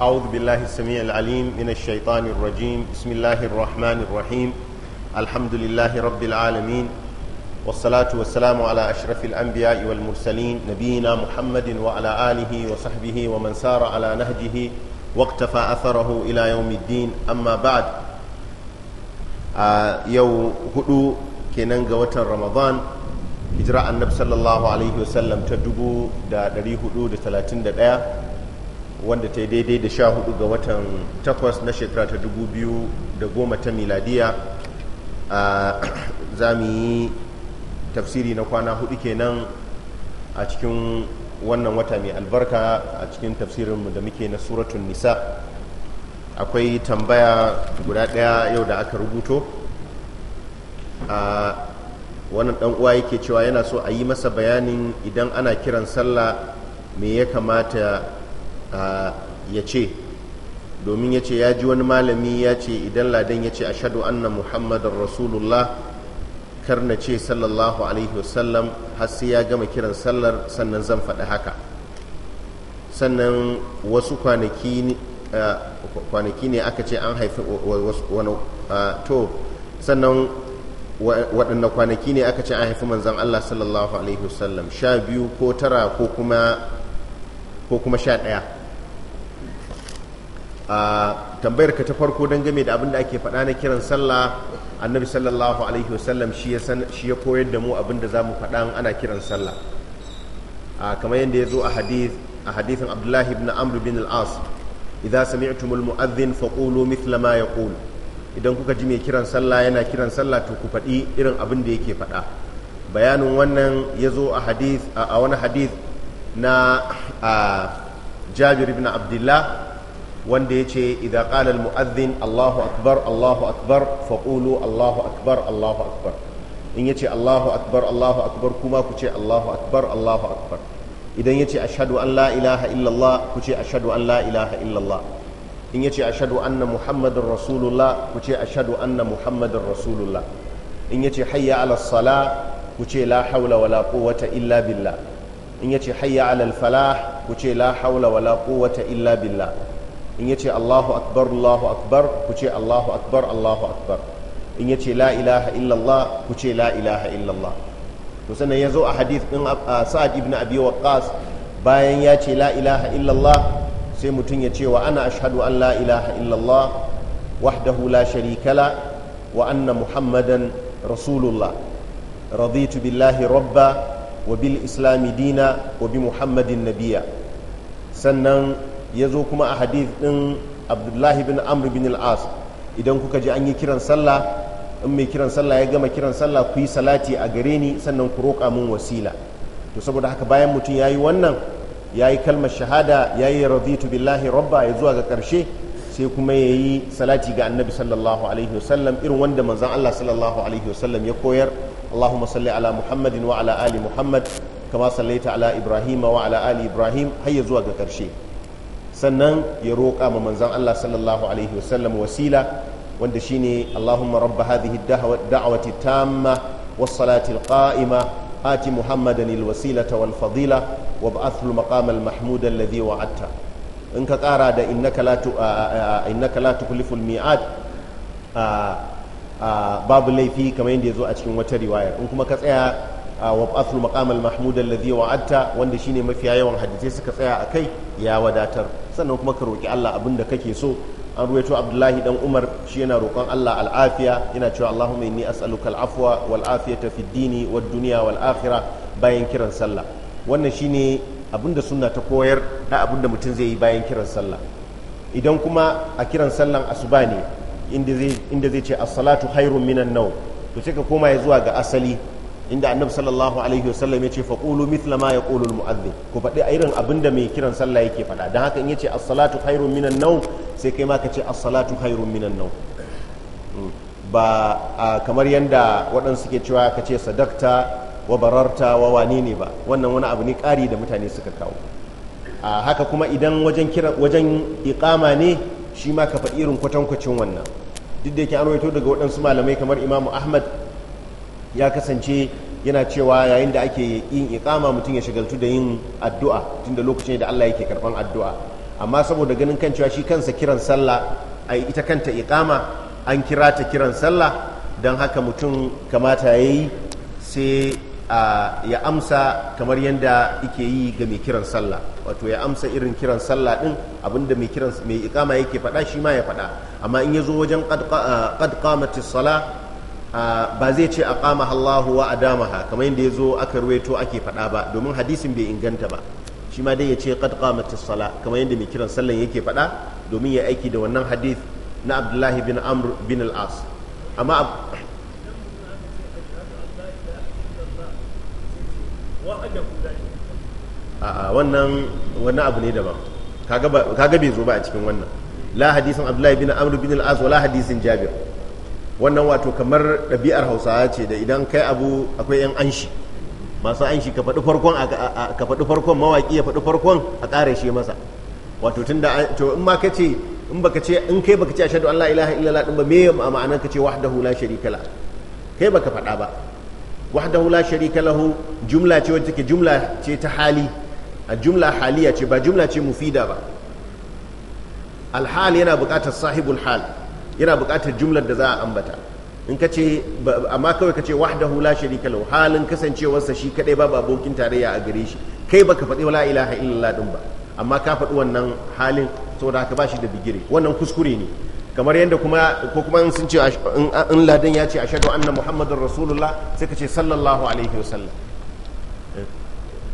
أعوذ بالله السميع العليم من الشيطان الرجيم بسم الله الرحمن الرحيم الحمد لله رب العالمين والصلاة والسلام على أشرف الأنبياء والمرسلين نبينا محمد وعلى آله وصحبه ومن سار على نهجه واقتفى أثره إلى يوم الدين أما بعد يو هدو كنان وتر رمضان هجرة النبي صلى الله عليه وسلم تدبو دا دري هدو دا 31 wanda ta yi daidai da sha hudu ga watan takwas na shekara ta dubu biyu da goma ta miladiya a za mu yi tafsiri na kwana hudu kenan a cikin wannan wata mai albarka a cikin tafsirinmu da muke na suratun nisa akwai tambaya guda daya yau da aka rubuto a wannan dan uwa yake cewa yana so a yi masa bayanin idan ana kiran sallah me ya kamata ya ce domin ya ce ya ji wani malami ya ce idan ladan ya ce a ashadu anna muhammadar rasulullah kar na ce sallallahu alaihi wasallam har sai ya gama kiran sallar sannan zan faɗi haka sannan wasu kwanaki kwanaki ne aka ce an haifi wani to sannan waɗanda kwanaki ne aka ce an haifi manzan Allah sallallahu Alaihi wasallam sha biyu ko tara ko kuma sha ɗaya a tambayar ka ta farko game da abin da ake faɗa na kiran sallah annabi sallallahu alaihi wasallam shi ya shi ya koyar da mu abin da mu faɗa ana kiran sallah a kamar yadda ya zo a hadith a hadithin abdullahi ibn amr bin al-as idza sami'tumul mu'adhdhin faqulu mithla ma yaqul idan kuka ji mai kiran sallah yana kiran sallah to ku faɗi irin abin da yake faɗa bayanin wannan ya zo a hadith a wani hadith na jabir ibn abdullah wanda ya ce idan ƙalal mu'azzin Allahu akbar Allahu akbar faƙulu Allahu akbar Allahu akbar in ya ce Allahu akbar Allahu akbar kuma ku ce Allahu akbar Allahu akbar idan ya ce ashadu an la ilaha illallah ku ce ashadu an la ilaha illallah in ya ce ashadu anna muhammadin rasulullah ku ce ashadu anna muhammadin rasulullah in ya ce hayya ala sala ku ce la haula wala quwwata illa billah in ya ce hayya ala falah ku ce la haula wala quwwata illa billah in ce Allahu akbar Allahu akbar ku ce Allahu akbar Allahu akbar in yace la ilaha illallah ku ce la ilaha illallah to sannan ya zo a hadith din Sa'ad ibn Abi Waqqas bayan ya ce la ilaha illallah sai mutum ya ce wa ana ashhadu an la ilaha illallah wahdahu la sharika la wa anna muhammadan rasulullah raditu billahi rabba wa bil islami dina wa bi muhammadin nabiya sannan ya zo kuma a hadith ɗin abdullahi bin amr bin al'as idan kuka ji an yi kiran sallah in mai kiran sallah ya gama kiran sallah ku yi salati a gare ni sannan ku roƙa min wasila to saboda haka bayan mutum ya yi wannan ya yi kalmar shahada ya yi raditu billahi rabba ya zuwa ga ƙarshe sai kuma ya yi salati ga annabi sallallahu alaihi wasallam irin wanda manzan allah sallallahu alaihi wasallam ya koyar allahumma salli ala muhammadin wa ala ali muhammad kama sallaita ala ibrahim wa ala ali ibrahim har ya zuwa ga ƙarshe sannan ya roƙa ma manzan Allah sallallahu alaihi wasallam wasila wanda shine Allahumma rabb hadhihi da'wati tamma was salati al qa'ima ati muhammadani al wasilata wal fadila wa ba'athu al maqam al mahmud in ka ƙara da innaka la tu innaka la babu laifi kamar yadda zo a cikin wata riwaya in kuma ka tsaya wab'athul makamal mahmud alladhi wa'adta wanda shine mafiya yawan hadisai suka tsaya a kai ya wadatar sannan kuma ka roki Allah abin da kake so an ruwaito Abdullahi dan Umar shi yana roƙon Allah al'afiya yana cewa Allahumma inni as'aluka al'afwa wal afiyata fid dini wad dunya wal akhirah bayan kiran sallah wannan shine abin da sunna ta koyar da abin da mutum zai yi bayan kiran sallah idan kuma a kiran sallan asuba ne inda zai ce as-salatu khairum minan nawm to sai ka koma ya zuwa ga asali inda annabi sallallahu alaihi wasallam ya ce faqulu mithla ma yaqulu almu'adhdhin ku faɗi irin abin da mai kiran sallah yake faɗa dan haka in yace as-salatu khairun minan nawm sai kai ma ka ce as-salatu khairun minan nawm hmm. ba kamar yanda waɗansu suke cewa ka ce sadakta wa bararta wa wani ne ba wannan wani abu ne ƙari da mutane suka kawo haka kuma idan wajen kira wajen iqama ne shi ma ka faɗi irin kwatankwacin wannan duk da yake an rawaito daga waɗansu malamai kamar imamu ahmad ya kasance yana cewa yayin da ake yin ikama mutum ya shagaltu da yin addu'a tunda lokacin da Allah yake karban addu'a amma saboda ganin kan cewa shi kansa kiran sallah ai ita kanta ikama an kira ta kiran sallah don haka mutum kamata yayi sai ya amsa kamar yadda ike yi ga mai kiran sallah wato ya amsa irin kiran sallah din abinda mai mai ikama yake faɗa shi ma ya faɗa amma in ya zo wajen qad qamatis salah ba zai ce aqama Allahu wa adamaha kamar yadda ya zo aka ruwaito ake faɗa ba domin hadisin bai inganta ba shi ma dai ya ce kad qamatis sala kamar yadda mai kiran sallan yake faɗa domin ya aiki da wannan hadith na Abdullahi bin Amr bin al-As amma wannan wani abu ne daban kaga bai zo ba a cikin wannan la hadisin Abdullahi bin Amr bin al-As wala hadisin Jabir wannan wato kamar ɗabi'ar hausawa ce da idan kai abu akwai 'yan anshi masu anshi ka faɗi farkon mawaƙi ya faɗi farkon a ƙare shi masa wato tun da to in ma ka ce in baka ce in kai baka ce a an allah ilaha illallah din ba me ma'anar ka ce wahdahu la sharika la kai baka faɗa ba wahdahu la sharika lahu jumla ce wacce ke jumla ce ta hali a jumla haliya ce ba jumla ce mufida ba alhal yana buƙatar sahibul hal yana buƙatar jumlar da za a ambata in ka ce amma kawai ka ce wahdahu la sharika lahu halin kasancewarsa shi kadai babu abokin tarayya a gare shi kai baka faɗi la ilaha illallah din ba amma ka faɗi wannan halin saboda haka ba shi da bigire wannan kuskure ne kamar yadda kuma ko kuma in sun ce in ladan ya ce ashhadu anna muhammadar rasulullah sai ka ce sallallahu alaihi wasallam eh.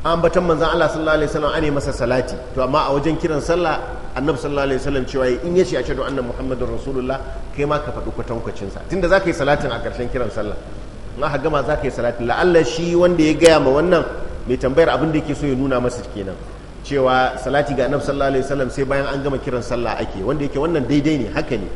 an batan manzon Allah sallallahu alaihi wasallam ane masa salati to amma a wajen kiran sallah annabi sallallahu alaihi wasallam cewa in yace a shaidu annan Muhammadu rasulullah kai ma ka faɗi kwatankwacin sa tunda zaka yi salatin a ƙarshen kiran sallah na ha gama zaka yi salatin la'alla shi wanda ya gaya ma wannan mai tambayar abin da yake so ya nuna masa kenan cewa salati ga annabi sallallahu alaihi wasallam sai bayan an gama kiran sallah ake wanda yake wannan daidai ne haka ne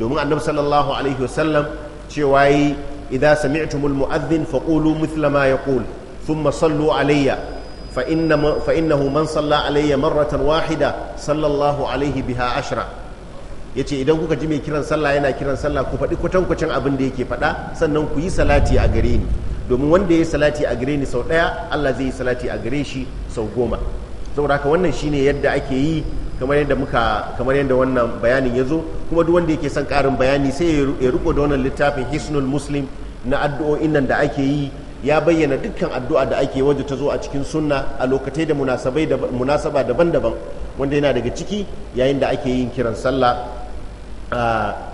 domin annabi sallallahu alaihi wasallam cewa yi idza sami'tumul mu'adhdhin faqulu mithla ma yaqul thumma sallu alayya fa'inna فإنه من صلى علي مرة واحدة صلى الله عليه بها عشرة yace idan kuka ji mai kiran sallah yana kiran sallah ku faɗi kwatankwacin abin da yake faɗa sannan ku yi salati a gare ni domin wanda ya yi salati a gare ni sau ɗaya Allah zai yi salati a gare shi sau goma saboda haka wannan shine yadda ake yi kamar yadda muka kamar yadda wannan bayanin ya zo kuma duk wanda yake son ƙarin bayani sai ya riko da wannan littafin hisnul muslim na addu'o'in nan da ake yi ya bayyana dukkan addu'a da ake wajen ta zo a cikin sunna a lokacin da munasaba daban-daban wanda yana daga ciki yayin da ake yin kiran sallah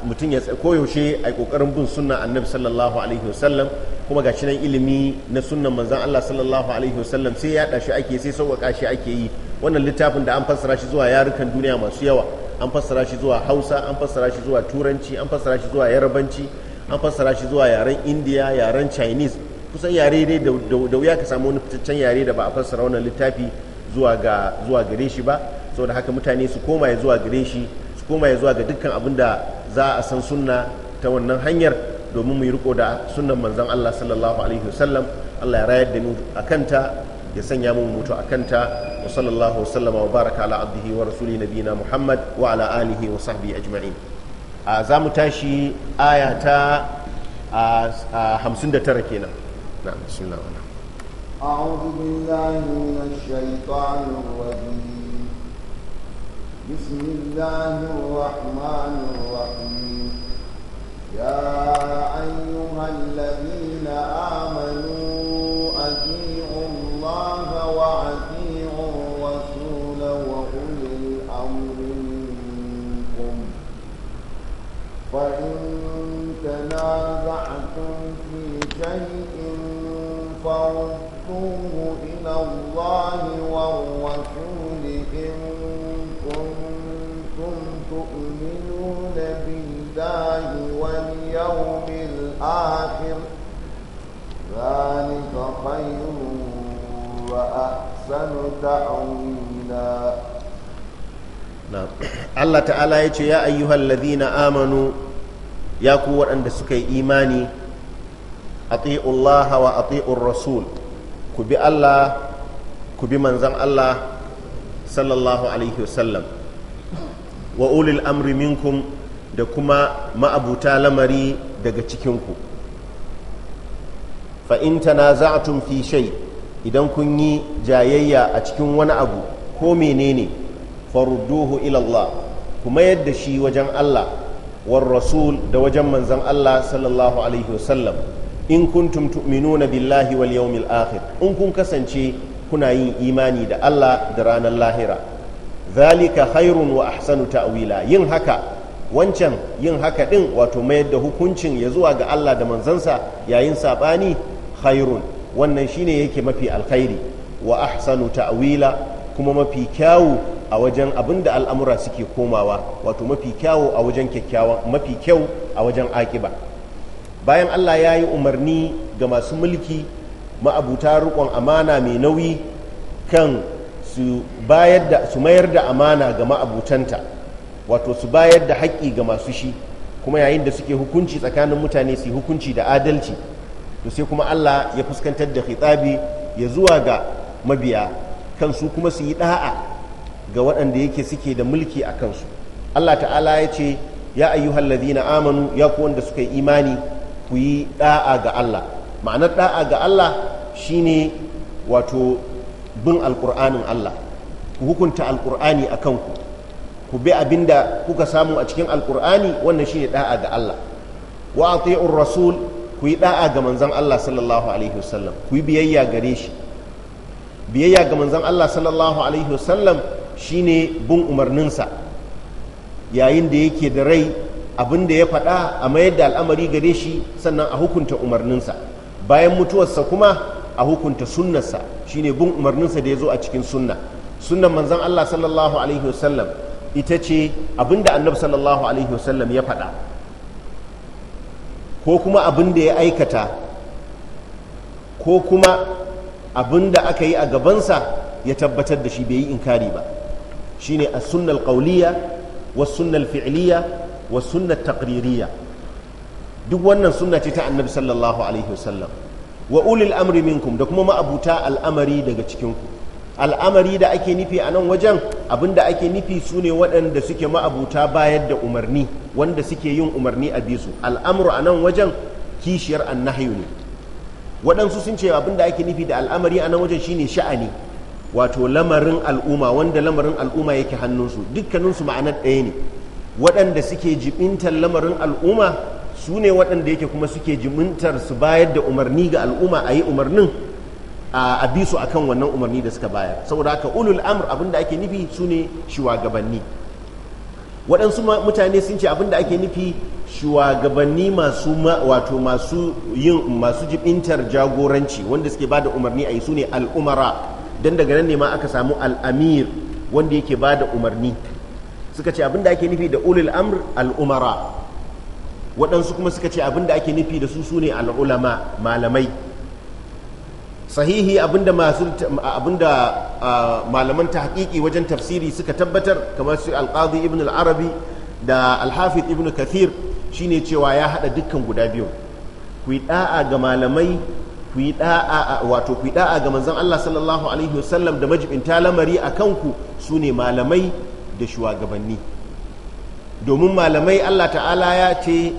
mutum ya koyaushe a kokarin bin sunna annabi sallallahu alaihi wasallam kuma ga nan ilimi na sunnan manzan Allah sallallahu alaihi wasallam sai ya ɗashi ake sai sauƙaƙa shi ake yi wannan littafin da an fassara shi zuwa yarukan duniya masu yawa an fassara shi zuwa hausa an fassara shi zuwa turanci an fassara shi zuwa yarabanci an fassara shi zuwa yaren indiya yaren chinese kusan yare dai da wuya ka samu wani fitaccen yare da ba a fassara wannan littafi zuwa ga gare shi ba saboda haka mutane su koma ya zuwa gare shi su koma ya zuwa ga dukkan abin da za a san sunna ta wannan hanyar domin mu yi riko da sunnan manzon Allah sallallahu alaihi wasallam Allah ya rayar da mu kanta ya sanya mu mutu akanta wa sallallahu wasallama wa baraka ala abdihi wa rasuli nabina Muhammad wa ala alihi wa sahbihi ajma'in a za mu tashi aya ta 59 kenan نعم بسم الله ونعم أعوذ بالله من الشيطان الرجيم بسم الله الرحمن الرحيم يا أيها الذين آمنوا أتينوا ta'ala ya ce ya ayyuhal ladhina amanu ya ku waɗanda suka yi imani ati'ullaha wa ati'ur rasul ku bi Allah ku bi manzan Allah sallallahu alaihi wasallam wa ulil amri minkum da kuma ma'abuta lamari daga cikinku fa in tanaza'tum fi shai idan kun yi jayayya a cikin wani abu ko menene farudduhu ila Allah ku mayar da shi wajen Allah war rasul da wajen manzon Allah sallallahu alaihi wasallam in kuntum tu'minuna billahi wal yawmil akhir in kun kasance kuna yin imani da Allah da ranar lahira zalika khairun wa ahsanu ta'wila yin haka wancan yin haka din wato mayar da hukuncin ya zuwa ga Allah da manzansa yayin sabani khairun wannan shine yake mafi alkhairi wa ahsanu ta'wila kuma mafi kyawu a wajen abin da al'amura suke komawa wato mafi kyawu a wajen kyakkyawa mafi kyau a wajen akiba bayan Allah ya yi umarni ga masu mulki ma'abuta rukon amana mai nauyi kan su mayar da amana ga ma'abutanta wato su bayar da haƙƙi ga masu shi kuma yayin da suke hukunci tsakanin mutane su hukunci da adalci to sai kuma Allah ya fuskantar da fitsabi ya zuwa ga mabiya kan su kuma su yi da'a ga waɗanda yake suke da mulki a kansu Allah ta'ala ya ce ya ayyuhal ladina amanu ya ku wanda suka yi imani ku yi da'a ga Allah ma'anar da'a ga Allah shine wato bin alƙur'anin Allah ku hukunta alƙur'ani a kanku ku bi abinda kuka samu a cikin alƙur'ani wannan shine da'a ga Allah wa ati'ur rasul ku yi da'a ga manzon Allah sallallahu alaihi wasallam ku yi biyayya gare shi biyayya ga manzon Allah sallallahu alaihi wasallam shine bin umarninsa yayin da yake da rai abinda ya faɗa a mayar da al'amari gare shi sannan a hukunta umarninsa bayan mutuwarsa kuma a hukunta sunnarsa shine bin umarninsa da ya zo a cikin sunna sunnan manzon Allah sallallahu alaihi wasallam ita ce abin da annabi sallallahu alaihi wasallam ya faɗa ko kuma abin ya aikata ko kuma abinda aka yi a gabansa ya tabbatar da shi bai yi inkari ba shine a sunna al-qawliya was-sunna al-fi'liya was taqririya duk wannan sunna ce ta annabi sallallahu alaihi wasallam wa ulil amri minkum da kuma ma'abuta al'amari daga cikinku al'amari da ake nufi a nan wajen abinda ake nufi su ne waɗanda suke ma'abuta bayar da umarni wanda suke yin umarni a bisu al'amru a nan wajen kishiyar annahayu ne waɗansu sun ce abinda ake nufi da al'amari a nan wajen shine sha'ani wato lamarin al'umma wanda lamarin al'umma yake hannunsu dukkaninsu ma'anar ɗaya ne waɗanda suke jibintar lamarin al'umma su ne waɗanda yake kuma suke jibintar su bayar da umarni ga al'umma a yi umarnin a bi su akan wannan umarni da suka bayar saboda haka ulul amr abin ake nufi su ne shugabanni waɗansu mutane sun ce abin ake nufi shugabanni masu wato masu yin masu jibintar jagoranci wanda suke ba da umarni a yi su ne al'umara don daga nan ne ma aka samu al'amir wanda yake ba da umarni suka ce abinda ake nufi da ulul amr al'umara waɗansu kuma suka ce abinda ake nufi da su sune al'ulama malamai sahihi abinda masu abinda malaman tahqiqi wajen tafsiri suka tabbatar kamar su alqadi ibn al-arabi da alhafiz ibn kathir shine cewa ya haɗa dukkan guda biyu ku yi ga malamai ku yi da'a wato ku yi da'a ga manzon Allah sallallahu alaihi wasallam da majibinta lamari a kanku su ne malamai da shugabanni domin malamai Allah ta'ala ya ce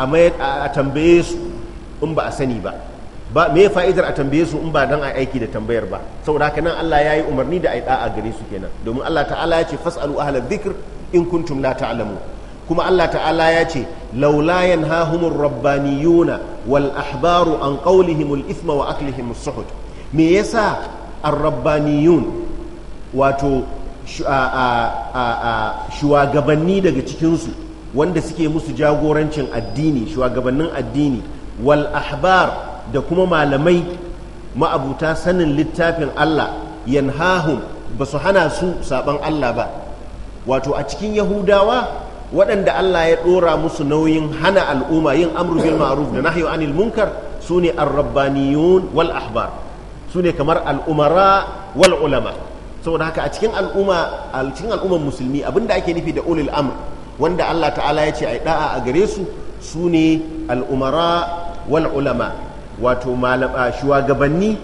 a tambaye su in ba a sani ba ba me fa'idar a tambaye su in ba dan a aiki da tambayar ba saboda haka nan Allah ya yi umarni da a yi da'a gare su kenan domin Allah ta'ala ya ce fas'alu ahla dhikr in kuntum la ta'lamu kuma Allah ta'ala ya ce laula yanhahumur rabbaniyuna wal ahbaru an qawlihim al ithma wa aklihim as suhud me yasa ar-rabbaniyun wato shugabanni daga cikinsu wanda suke musu jagorancin addini shugabannin addini wal ahbar da kuma malamai ma'abuta sanin littafin Allah yanhahum ba su hana su saban Allah ba wato a cikin yahudawa waɗanda Allah ya ɗora musu nauyin hana al'umma yin amru bil ma'ruf da nahyu anil munkar sune ar-rabbaniyun wal ahbar kamar al'umara wal ulama saboda haka a cikin al'umma a cikin al'umman musulmi abinda ake nufi da ulil amr wanda Allah ta'ala ya ce ai da'a a gare su ne al'umara wal ulama wato malama shuwagabanni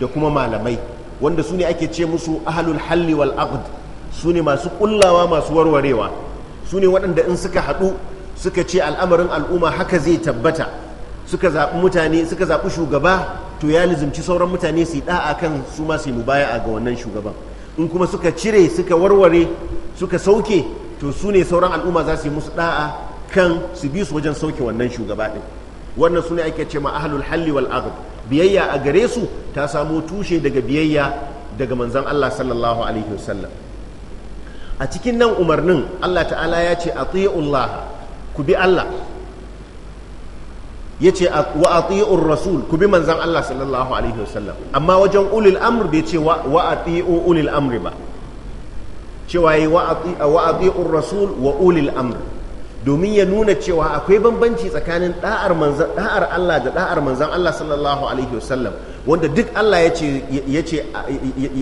da kuma malamai wanda sune ake ce musu ahlul halli wal aqd sune masu kullawa masu warwarewa su ne waɗanda in suka haɗu suka ce al'amarin al'umma haka zai tabbata suka zaɓi mutane suka zaɓi shugaba to ya lizimci sauran mutane su yi ɗa'a kan su ma su yi ga wannan shugaban in kuma suka cire suka warware suka sauke to su ne sauran al'umma za su yi musu ɗa'a kan su bi su wajen sauke wannan shugaba ɗin wannan su ne ake ce ma ahlul halli wal agab biyayya a gare su ta samo tushe daga biyayya daga manzon Allah sallallahu alaihi wasallam a cikin nan umarnin Allah ta'ala ya ce a Allah ku bi Allah ya ce wa ati'ur rasul ku bi manzan Allah sallallahu alaihi wasallam amma wajen ulil amr bai ce wa ati'u ulil amri ba cewa yi wa ati'ur rasul wa ulil amr domin ya nuna cewa akwai bambanci tsakanin da'ar Allah da da'ar manzan Allah sallallahu alaihi wasallam wanda duk Allah ya ce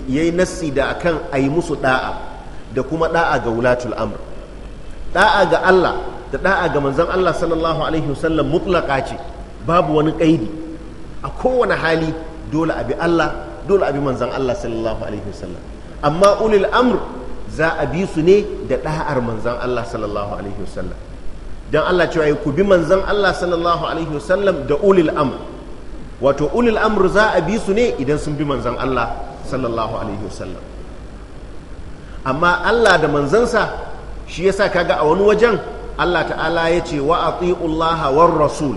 yayi nassi da akan ayi musu da'a da kuma da'a ga wulatul amr da'a ga Allah da da'a ga manzon Allah sallallahu alaihi wasallam mutlaka ce babu wani kaidi a kowane hali dole a bi Allah dole a bi manzon Allah sallallahu alaihi wasallam amma ulil amr za a bi su ne da da'ar manzon Allah sallallahu alaihi wasallam dan Allah cewa ku bi manzon Allah sallallahu alaihi wasallam da ulil amr wato ulil amr za a bi su ne idan sun bi manzon Allah sallallahu alaihi wasallam amma Allah da manzansa shi yasa kaga a wani wajen Allah ta'ala ya ce wa atiullaha war rasul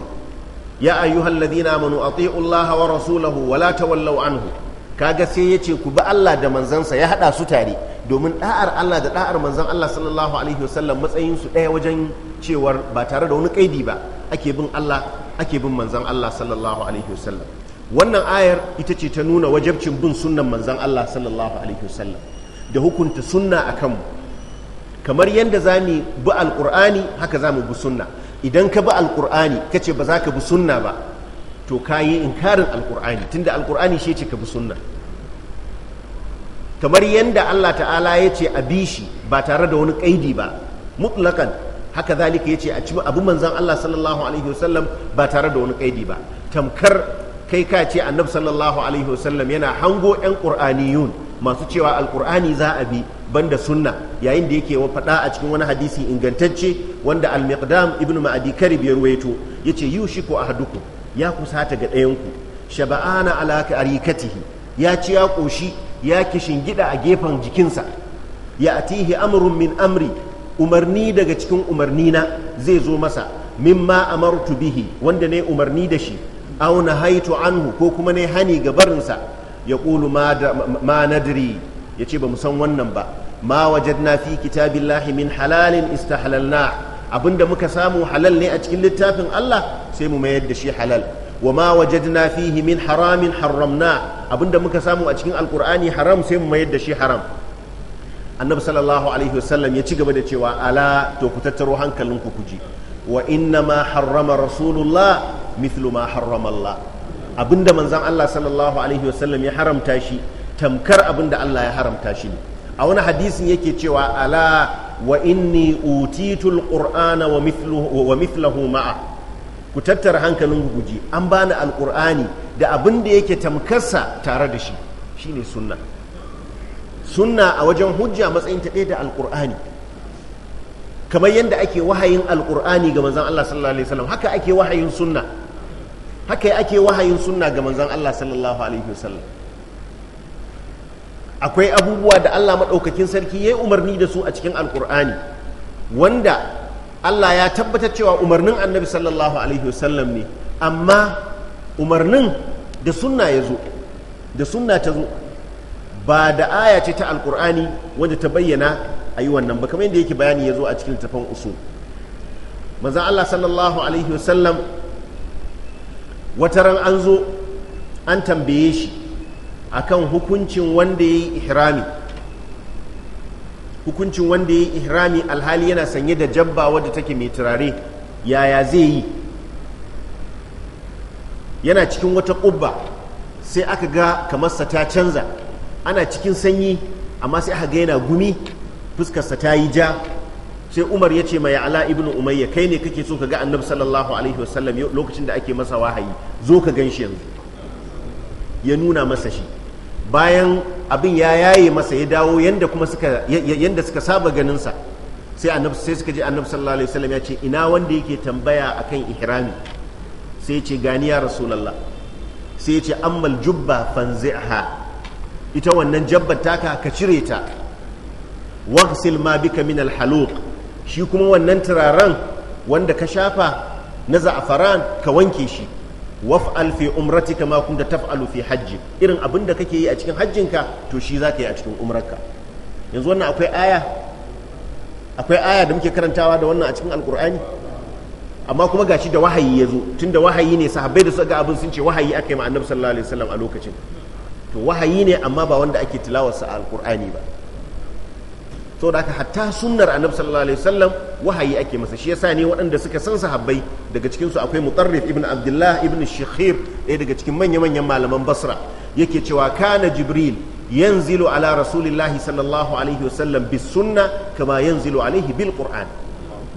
ya ayyuhal ladina amanu atiullaha war rasulahu wala tawallaw anhu kaga sai ya ce ku bi Allah da manzansa ya hada su tare domin da'ar Allah da da'ar manzan Allah sallallahu alaihi wasallam matsayin su daya wajen cewar ba tare da wani kaidi ba ake bin Allah ake bin manzan Allah sallallahu alaihi wasallam wannan ayar ita ce ta nuna wajabcin bin sunnan manzan Allah sallallahu alaihi wasallam da hukunta sunna a kanmu kamar yadda za mu bi alkur'ani haka za mu bi sunna idan ka bi alkur'ani ka ce ba za ka bi sunna ba to ka yi inkarin alkur'ani tunda alkur'ani shi ce ka bi sunna kamar yadda allah ta'ala ya ce a bi shi ba tare da wani ƙaidi ba mutlakan haka zalika ya ce a ci abu manzan allah sallallahu alaihi wasallam ba tare da wani ƙaidi ba tamkar kai ka ce annabi sallallahu alaihi wasallam yana hango 'yan ƙur'aniyun masu cewa alkur'ani za a bi banda sunna yayin da yake faɗa a cikin wani hadisi ingantacce wanda al-miqdam ibn ma'adi karib ya ruwaito yace yushiku ahaduku ya kusa ta ga ɗayan ku shaba'ana ala karikatihi ya ci ya ƙoshi ya gida a gefen jikinsa ya atihi amrun min amri umarni daga cikin umarni na zai zo masa mimma amartu bihi wanda ne umarni da shi auna nahaitu anhu ko kuma ne hani ga barinsa ya ƙulu ma nadiri ya ce ba mu san wannan ba ma na fi kitabillahi min halalin istahlalna abinda muka samu halal ne a cikin littafin Allah sai mu mayar da shi halal wa ma na fi min haramin haramna abinda muka samu a cikin alkur'ani haram sai mu mayar da shi haram annabi sallallahu alaihi wasallam ya ci gaba da cewa ala to ku tattaro hankalinku ku ji wa inna ma harrama rasulullah mithlu ma harrama Allah abinda manzan Allah sallallahu alaihi wasallam ya haramta shi tamkar abinda Allah ya haramta shi ne a wani hadisin yake cewa ala wa inni utitul qur'ana wa mithluhu wa mithluhu ma'a ku tattara hankalin guji an bani alqur'ani da abinda yake tamkarsa tare da shi shine sunna sunna a wajen hujja matsayin ta ɗaya da alqur'ani kamar yadda ake wahayin alqur'ani ga manzan Allah sallallahu alaihi wasallam haka ake wahayin sunna haka ake wahayin sunna ga manzon Allah sallallahu alaihi wasallam akwai abubuwa da Allah maɗaukakin sarki ya yi umarni da su a cikin alkur'ani wanda Allah ya tabbatar cewa umarnin annabi sallallahu alaihi wasallam ne amma umarnin da sunna ya zo da sunna ta zo ba da aya ce ta Alƙur'ani wanda ta bayyana a yi wannan ba kamar yadda yake bayani ya zo a cikin tafan usul manzan Allah sallallahu alaihi wasallam wata ran an zo an tambaye shi akan hukuncin wanda ya yi ihrami hukuncin wanda ya yi ihrami alhali yana sanye da jabba wadda take mai turare yaya zai yi yana cikin wata ƙubba sai aka ga kamarsa ta canza ana cikin sanyi amma sai aka ga yana gumi fuskarsa ta yi ja sai umar ya ce mai ala ibn umayya kai ne kake so ka ga annabi sallallahu alaihi wasallam lokacin da ake masa wahayi zo ka gan shi yanzu ya nuna masa shi bayan abin ya yaye masa ya dawo yanda kuma suka yanda suka saba ganin sa sai annabi sai suka ji annabi sallallahu alaihi wasallam ya ce ina wanda yake tambaya akan ihrami sai ya ce gani ya rasulullah sai ya ce ammal jubba fanzi'ha ita wannan jabbar taka ka cire ta waghsil ma bika min al-haluq shi kuma wannan turaren wanda ka shafa na za'afaran ka wanke shi Wafi alfe umrati kama da taf'alu fi hajji irin abin da kake yi a cikin hajjinka to shi za ka yi a cikin umrarka yanzu wannan akwai aya akwai aya da muke karantawa da wannan a cikin alkur'ani amma kuma gashi da wahayi ya zo Tun da wahayi ne sahabbai da su ga abin sun ce wahayi aka yi ma annabi sallallahu alaihi wasallam a lokacin to wahayi ne amma ba wanda ake tilawarsa a alkur'ani ba saboda haka hatta sunnar annabi sallallahu alaihi wasallam wahayi ake masa shi yasa ne waɗanda suka san sahabbai daga cikin su akwai mutarrif ibn abdullah ibn shikhir ɗaya daga cikin manya manyan malaman basra yake cewa kana jibril yanzilu ala rasulillahi sallallahu alaihi wasallam bis sunna kama yanzilu alaihi bil qur'an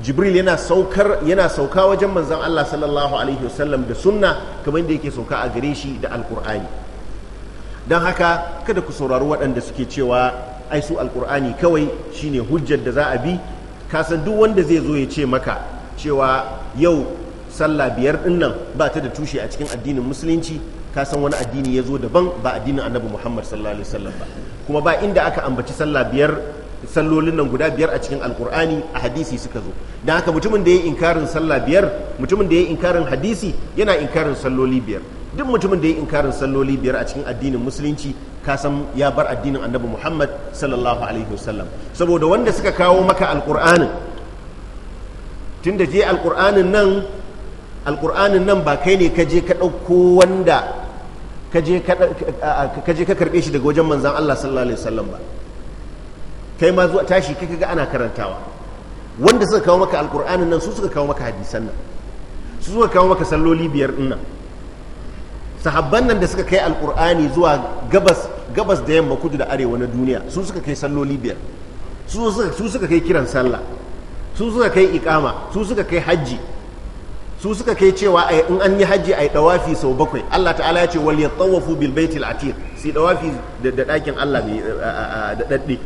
jibril yana saukar yana sauka wajen manzon Allah sallallahu alaihi wasallam da sunna kamar yadda yake sauka a gare shi da alqur'ani dan haka kada ku saurari waɗanda suke cewa ai su alkur'ani kawai shine hujjar da za a bi kasan duk wanda zai zo ya ce maka cewa yau sallah biyar din nan ba ta da tushe a cikin addinin musulunci kasan wani addini ya zo daban ba addinin annabi muhammad sallallahu alaihi wasallam ba kuma ba inda aka ambaci sallah biyar sallolin nan guda biyar a cikin alkur'ani a hadisi suka zo don haka mutumin da ya yi inkarin sallah biyar mutumin da ya yi inkarin hadisi yana inkarin salloli biyar duk mutumin da ya yi inkarin salloli biyar a cikin addinin musulunci ka san ya bar addinin annabi muhammad sallallahu alaihi wasallam saboda wanda suka kawo maka alƙur'anin tun da je alƙur'anin nan alƙur'anin nan ba kai ne ka je ka ɗauko wanda ka je ka karɓe shi daga wajen manzan allah sallallahu alaihi wasallam ba kai ma zuwa tashi kai ka ga ana karantawa wanda suka kawo maka alƙur'anin nan su suka kawo maka hadisan nan su suka kawo maka salloli biyar ɗin nan sahabban nan da suka kai alkur'ani zuwa gabas gabas da yamma kudu da arewa na duniya su suka kai salloli biyar su suka kai kiran sallah su suka kai ikama su suka kai hajji su suka kai cewa in an yi hajji yi dawafi sau bakwai Allah ta'ala ya ce wal tsawafu bil baitil su si dawafi da dakin Allah da daddi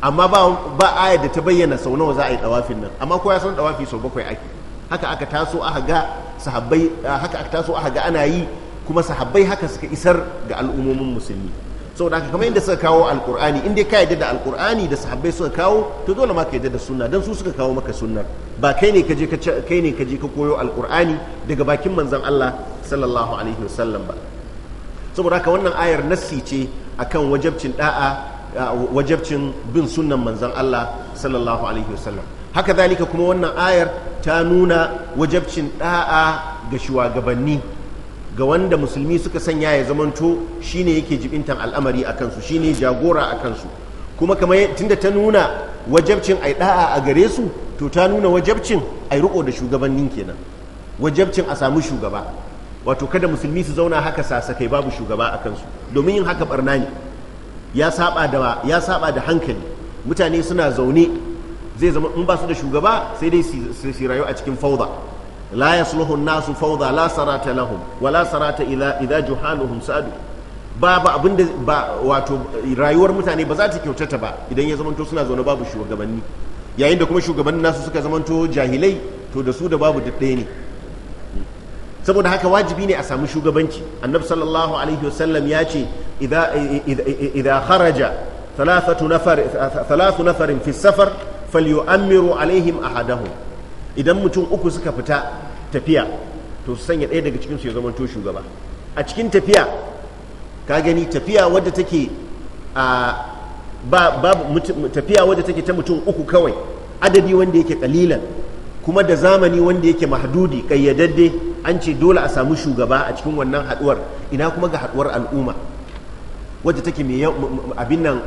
amma ba ba ayar da ta bayyana sau nawa za a yi dawafin nan amma ko ya san dawafi sau bakwai ake haka aka taso aka ga sahabbai haka aka taso aka ga ana yi kuma sahabbai haka suka isar ga al'ummomin musulmi saboda haka kamar inda suka kawo alkur'ani inda dai ka yadda da alkur'ani da sahabbai suka kawo to dole ma ka yadda da sunna dan su suka kawo maka sunnar ba kai ne ka je ka kai ne ka koyo alkur'ani daga bakin manzon Allah sallallahu alaihi wasallam ba saboda haka wannan ayar nassi ce akan wajabcin da'a wajabcin bin sunnan manzon Allah sallallahu alaihi wasallam haka zalika kuma wannan ayar ta nuna wajabcin da'a ga shugabanni ga wanda musulmi suka sanya ya zamanto shine yake jibintan al'amari a kansu shine jagora a kansu kuma kamar tunda ta nuna wajabcin ai da'a a gare su to ta nuna wajabcin ai riko da shugabannin kenan wajabcin a samu shugaba wato kada musulmi su zauna haka sasakai babu shugaba a kansu domin yin haka barna ne ya saba da ya saba da hankali mutane suna zaune zai zama in ba su da shugaba sai dai su rayu a cikin fauda la yasluhu nasu fawda la sarata wa la sarata idha idha juhaluhum sadu babu abinda wato rayuwar mutane ba zata kyautata ba idan ya zamanto suna zaune babu shugabanni yayin da kuma shugabannin nasu suka zamanto jahilai to da su da babu da ɗaya ne saboda haka wajibi ne a samu shugabanci annabi sallallahu ya ce idza kharaja thalathatu na farin nafarin fi safar falyu'ammiru alaihim ahadahum idan mutum uku suka fita tafiya to su sanya ɗaya daga cikinsu ya zama to shugaba a cikin tafiya ka gani tafiya wadda take a ba babu tafiya wadda take ta mutum uku kawai adadi wanda yake kalilan kuma da zamani wanda yake mahdudi kayyadadde an ce dole a samu shugaba a cikin wannan haduwar ina kuma ga haduwar al'umma wadda take mai abin nan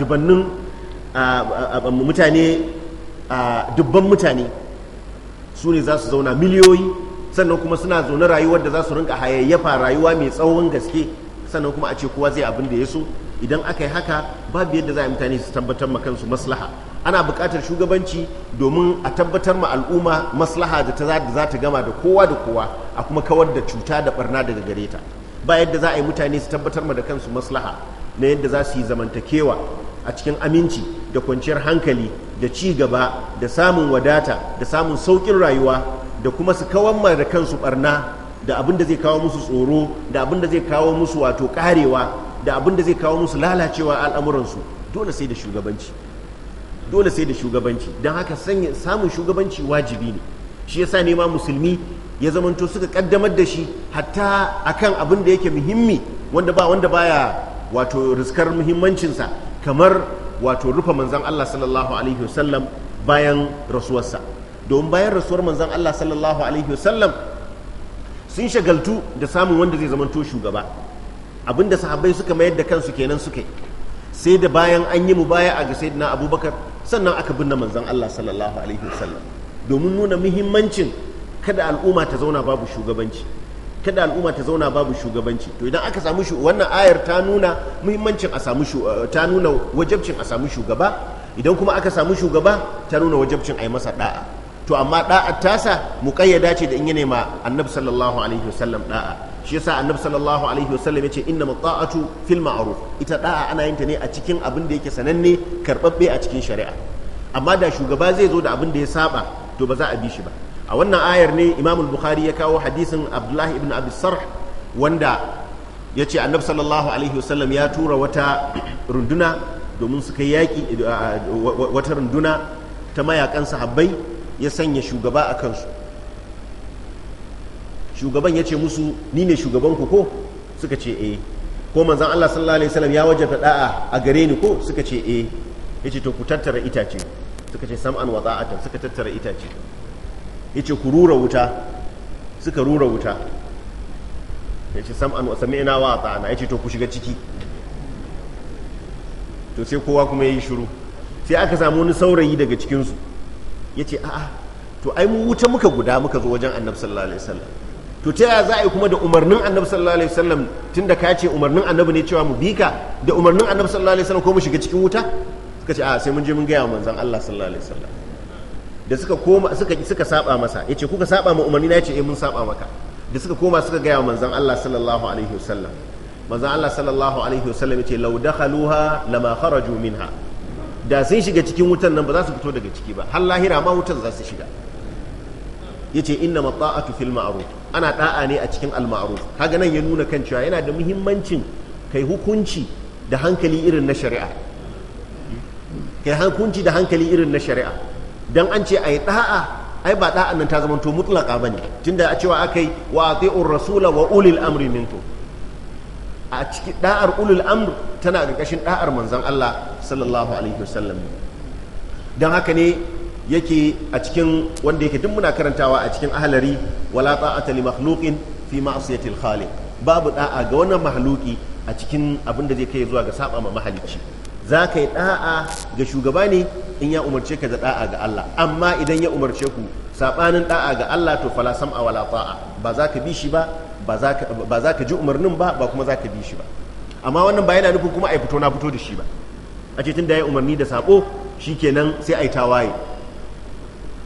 dubannin mutane dubban mutane su ne za su zauna miliyoyi sannan kuma suna zaune rayuwar da za su rinka hayayyafa rayuwa mai tsawon gaske sannan kuma a ce kowa zai abin da ya so idan aka yi haka babu yadda za a yi mutane su tabbatar ma kansu maslaha ana bukatar shugabanci domin a tabbatar ma al'umma maslaha da ta za ta gama da kowa da kowa a kuma kawar da cuta da barna daga gare ta ba yadda za a yi mutane su tabbatar ma da kansu maslaha na yadda za su yi zamantakewa a cikin aminci da kwanciyar hankali da ci gaba da samun wadata da samun sauƙin rayuwa da kuma su mara da kansu barna da abin da zai kawo musu tsoro da abin da zai kawo musu wato karewa da abin da zai kawo musu lalacewa al'amuransu dole sai da shugabanci dole sai da shugabanci don haka sanya samun shugabanci wajibi ne shi yasa sa musulmi ya zamanto suka kaddamar da shi hatta akan abin da yake muhimmi wanda ba wanda baya wato riskar muhimmancinsa kamar wato rufe manzan Allah sallallahu alaihi wasallam bayan rasuwarsa don bayan rasuwar manzan Allah sallallahu alaihi wasallam sun shagaltu da samun wanda zai zamanto shugaba da sahabbai suka mayar da kansu kenan suka sai da bayan an yi mubaya a ga na abubakar sannan aka binne manzan Allah sallallahu alaihi wasallam domin nuna muhimmancin kada al'umma ta zauna babu shugabanci kada al'umma ta zauna babu shugabanci to idan aka samu wannan ayar ta nuna muhimmancin a samu eh, ta nuna wajabcin a samu shugaba idan kuma aka samu shugaba ta nuna wajabcin a yi masa da'a to amma da'a tasa muqayyada ce da in yana ma annabi sallallahu alaihi wasallam da'a shi yasa annabi sallallahu alaihi wasallam yace inna mata'atu fil ma'ruf ita da'a ana yin ta ne a cikin abin da yake sananne karbabbe a cikin shari'a amma da shugaba zai zo da abin da ya saba to ba za a bi shi ba a wannan ayar ne imam bukhari ya kawo hadisin abdullahi ibn abi sarh wanda ya ce annabi sallallahu alaihi wasallam ya tura wata runduna domin su kai yaƙi wata runduna ta mayakan sahabbai ya sanya shugaba a kansu shugaban ya ce musu ni ne shugaban ku ko suka ce eh ko manzan Allah sallallahu alaihi wasallam ya wajabta da'a a gare ni ko suka ce eh yace to ku tattara itace suka ce sam'an wa za'atan suka tattara itace yace ku rura wuta suka rura wuta yace sam'an wa sami'na wa ata'na yace to ku shiga ciki to sai kowa kuma ya yi shiru sai aka samu wani saurayi daga cikinsu su yace a'a to ai mu wuta muka guda muka zo wajen annabi sallallahu alaihi wasallam to ta yaya za a yi kuma da umarnin annabi sallallahu alaihi wasallam da ka ce umarnin annabi ne cewa mu bi ka da umarnin annabi sallallahu alaihi wasallam ko mu shiga cikin wuta suka ce a sai mun je mun gaya wa manzon Allah sallallahu alaihi wasallam da suka koma suka suka saba masa yace kuka saba ma umarni na yace eh mun saba maka da suka koma suka gaya wa manzon Allah sallallahu alaihi wasallam manzon Allah sallallahu alaihi wasallam yace law dakhaluha lama kharaju minha da sun shiga cikin wutan nan ba za su fito daga ciki ba har lahira ma wutan za su shiga yace inna mata'atu fil ma'ruf ana da'a ne a cikin al ma'ruf kaga nan ya nuna kan cewa yana da muhimmancin kai hukunci da hankali irin na shari'a kai hukunci da hankali irin na shari'a dan an ce ai da'a ai ba da'a nan ta zamanto mutlaka bane tunda a cewa akai wa ati'ur rasula wa ulil amri minkum a cikin da'ar ulul amr tana ƙarƙashin da'ar manzon Allah sallallahu alaihi wasallam dan haka ne yake a cikin wanda yake duk muna karantawa a cikin ahlari wala ta'ata li makhluqin fi ma'siyatil khaliq babu da'a ga wannan mahluki a cikin abin da zai kai zuwa ga saba ma mahalicci za ka yi da'a ga shugaba ne in ya umarce ka da ɗa'a ga Allah amma idan ya umarce ku sabanin ɗa'a ga Allah to fala sam'a wala ta'a ba za ka bi shi ba ba za ka ji umarnin ba ba kuma za ka bi shi ba amma wannan ba yana nufin kuma a fito na fito da shi ba a ce tunda ya umarni da sabo kenan sai a yi tawaye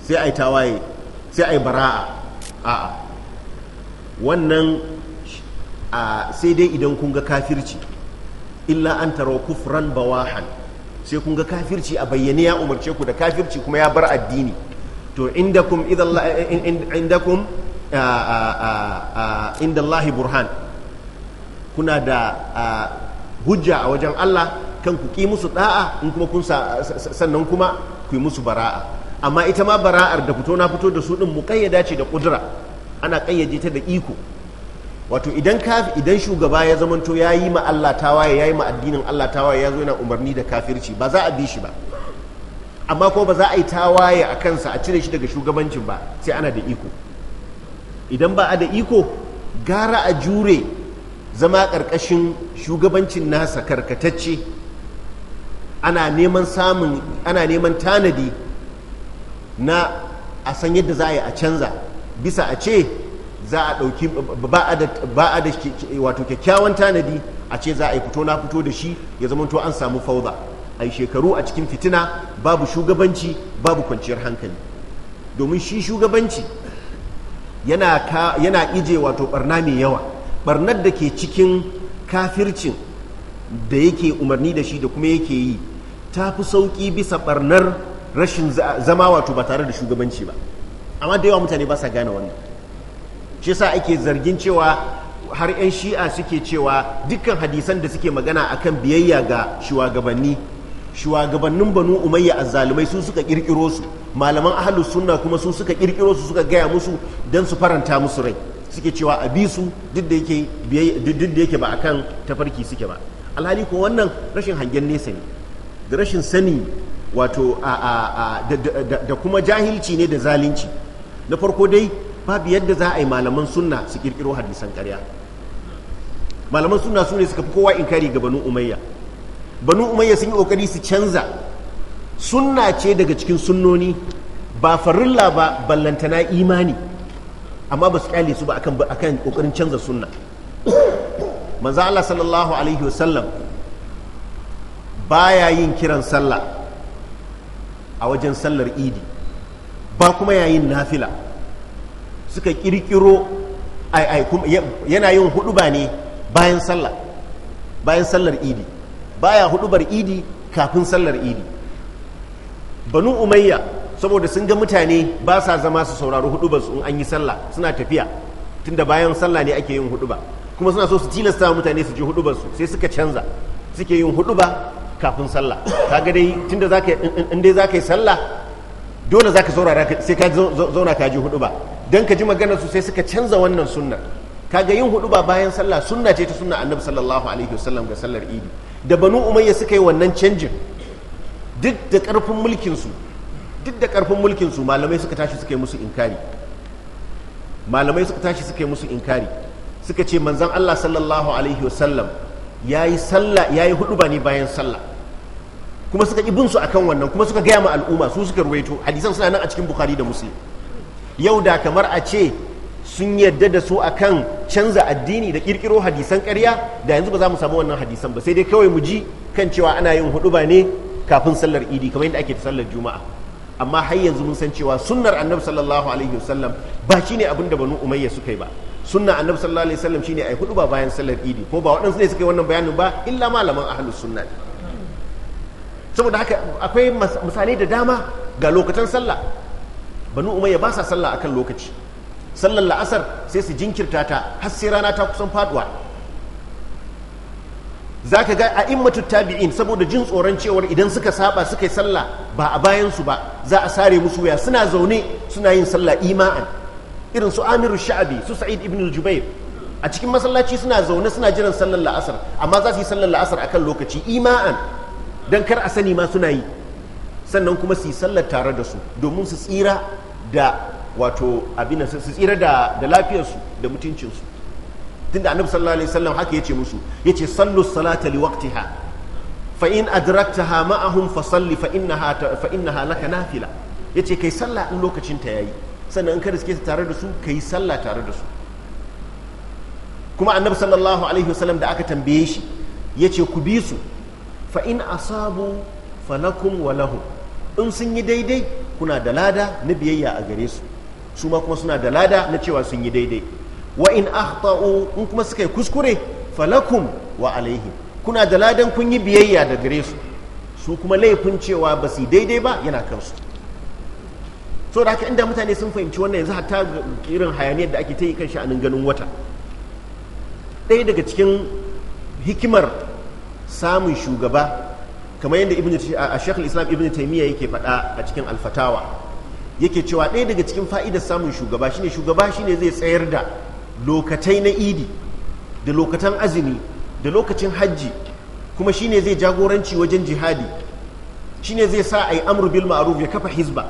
sai a yi tawaye sai a yi bara'a a'a wannan sai dai idan kun ga kafirci illa an taro kufran bawahan sai kun ga kafirci a bayyane ya umarce ku da kafirci kuma ya bar addini to indakum idan indakum inda Allah burhan kuna da hujja a wajen Allah kan ku ki musu da'a in kuma kun sannan kuma ku yi musu bara'a amma ita ma bara'ar da fito na fito da su ɗin mu ƙayyada ce da ƙudura ana ƙayyade ta da iko wato idan kafi idan shugaba ya zamanto ya yi ma Allah tawaye ya yi ma addinin Allah tawaye ya zo yana umarni da kafirci ba za a bi shi ba amma ko ba za a yi tawaye a kansa a cire shi daga shugabancin ba sai ana da iko idan ba a da iko gara a jure zama ƙarƙashin shugabancin nasa karkatacce ana neman samun ana neman tanadi na a san yadda za a yi a canza bisa a ce za a ɗauki ba a da wato kyakkyawan tanadi a ce za a yi fito na fito da shi ya zama to an samu fauza a yi shekaru a cikin fitina babu shugabanci babu kwanciyar hankali domin shi shugabanci yana, ije wato barna mai yawa barnar da ke cikin kafircin da yake umarni da shi da kuma yake yi ta fi sauƙi bisa barnar rashin zama wato ba tare da shugabanci ba amma da yawa mutane ba sa gane wannan shi yasa ake zargin cewa har 'yan shi'a suke cewa dukkan hadisan da suke magana akan biyayya ga shugabanni shugabannin banu umayya azzalumai su suka kirkiro su malaman ahlu sunna kuma su suka kirkiro su suka gaya musu don su faranta musu rai suke cewa a bi su duk da yake duk da yake ba akan tafarki suke ba alhali ko wannan rashin hangen nesa ne da rashin sani wato da kuma jahilci ne da zalunci na farko dai babu yadda za a yi malaman sunna su kirkiro hadisan karya malaman sunna su ne suka fi kowa inkari ga banu umayya banu umayya sun yi ƙoƙari su canza sunna ce daga cikin sunnoni ba farilla ba ballantana imani amma ba su kyale su ba akan ƙoƙarin kokarin canza sunna manzo Allah sallallahu alaihi wasallam baya yin kiran sallah a wajen sallar idi ba kuma yayin nafila suka kirkiro yana yin ba ne bayan sallah bayan sallar idi baya hudubar idi kafin sallar idi banu umayya saboda sun ga mutane ba sa zama su saurari hudubar su an yi sallah suna tafiya tunda bayan sallah ne ake yin ba kuma suna so su tilasta mutane su ji hudubar su sai suka canza suke yin ba kafin sallah kaga dai tunda zaka in dai zaka yi sallah dole zaka saurara sai ka zauna ka ji ba dan ka ji magana su sai suka canza wannan sunna kaga yin hudu ba bayan sallah sunna ce ta sunna annabi sallallahu alaihi wasallam ga sallar idi da banu umayya suka yi wannan canjin duk da karfin mulkin su duk da karfin mulkin su malamai suka tashi suka yi musu inkari malamai suka tashi suka yi musu inkari suka ce manzon Allah sallallahu alaihi wasallam yayi sallah yayi hudu ba ne bayan sallah kuma suka ibin su akan wannan kuma suka gaya ma al'umma su suka ruwaito hadisan suna nan a cikin bukhari da muslim yau da kamar a ce sun yadda da su akan canza addini da kirkiro hadisan karya da yanzu ba za mu samu wannan hadisan ba sai dai kawai mu ji kan cewa ana yin huduba ne kafin sallar idi kamar yadda ake ta sallar juma'a amma har yanzu mun san cewa sunnar annabi sallallahu alaihi wasallam ba shine abin da banu umayya suka yi ba sunna annabi sallallahu alaihi wasallam shine ai huduba bayan sallar idi ko ba waɗansu ne suka yi wannan bayanin ba illa malaman ahlus sunna saboda haka akwai misalai da dama ga lokacin sallah banu umayya ba sa sallah akan lokaci sallar la'asar sai su jinkirta ta har sai rana ta kusan faduwa za ka ga a immatu tabi'in saboda jin tsoron cewar idan suka saba suka yi sallah ba a bayan su ba za a sare musu wuya suna zaune suna yin sallah ima'an irin su amiru sha'abi su sa'id ibn jubair a cikin masallaci suna zaune suna jiran sallar la'asar amma za su yi sallar la'asar akan lokaci ima'an dan kar a sani ma suna yi sannan kuma su yi sallar tare da su domin su tsira da wato abin da su tsira da da lafiyarsu da mutuncinsu tunda annabi sallallahu alaihi wasallam haka yace musu yace sallu salata li waqtiha fa in adraktaha ma'ahum fa salli fa innaha fa innaha laka nafila yace kai sallah in lokacin ta yayi sannan in ka riske ta tare da su kai sallah tare da su kuma annabi sallallahu alaihi wasallam da aka tambaye shi yace ku bi su fa in asabu falakum wa lahum in sun yi daidai kuna da lada na biyayya a gare su su ma kuma suna da lada na cewa sun yi daidai wa in akhta'u in kuma suka yi kuskure falakum wa alaihi kuna da ladan kun yi biyayya da gare su su kuma laifin cewa ba su daidai ba yana kansu so da haka inda mutane sun fahimci wannan yanzu hatta irin hayaniyar da ake ta yi kan sha'anin ganin wata ɗaya daga cikin hikimar samun shugaba kamar yadda ibn a shekul islam ibn taimiyya yake faɗa a cikin alfatawa yake cewa ɗaya daga cikin fa'idar samun shugaba shine shugaba shine zai tsayar da lokatai na idi da lokatan azumi da lokacin hajji kuma shine zai jagoranci wajen jihadi shine zai sa a yi amru bil ma'ruf ya kafa hizba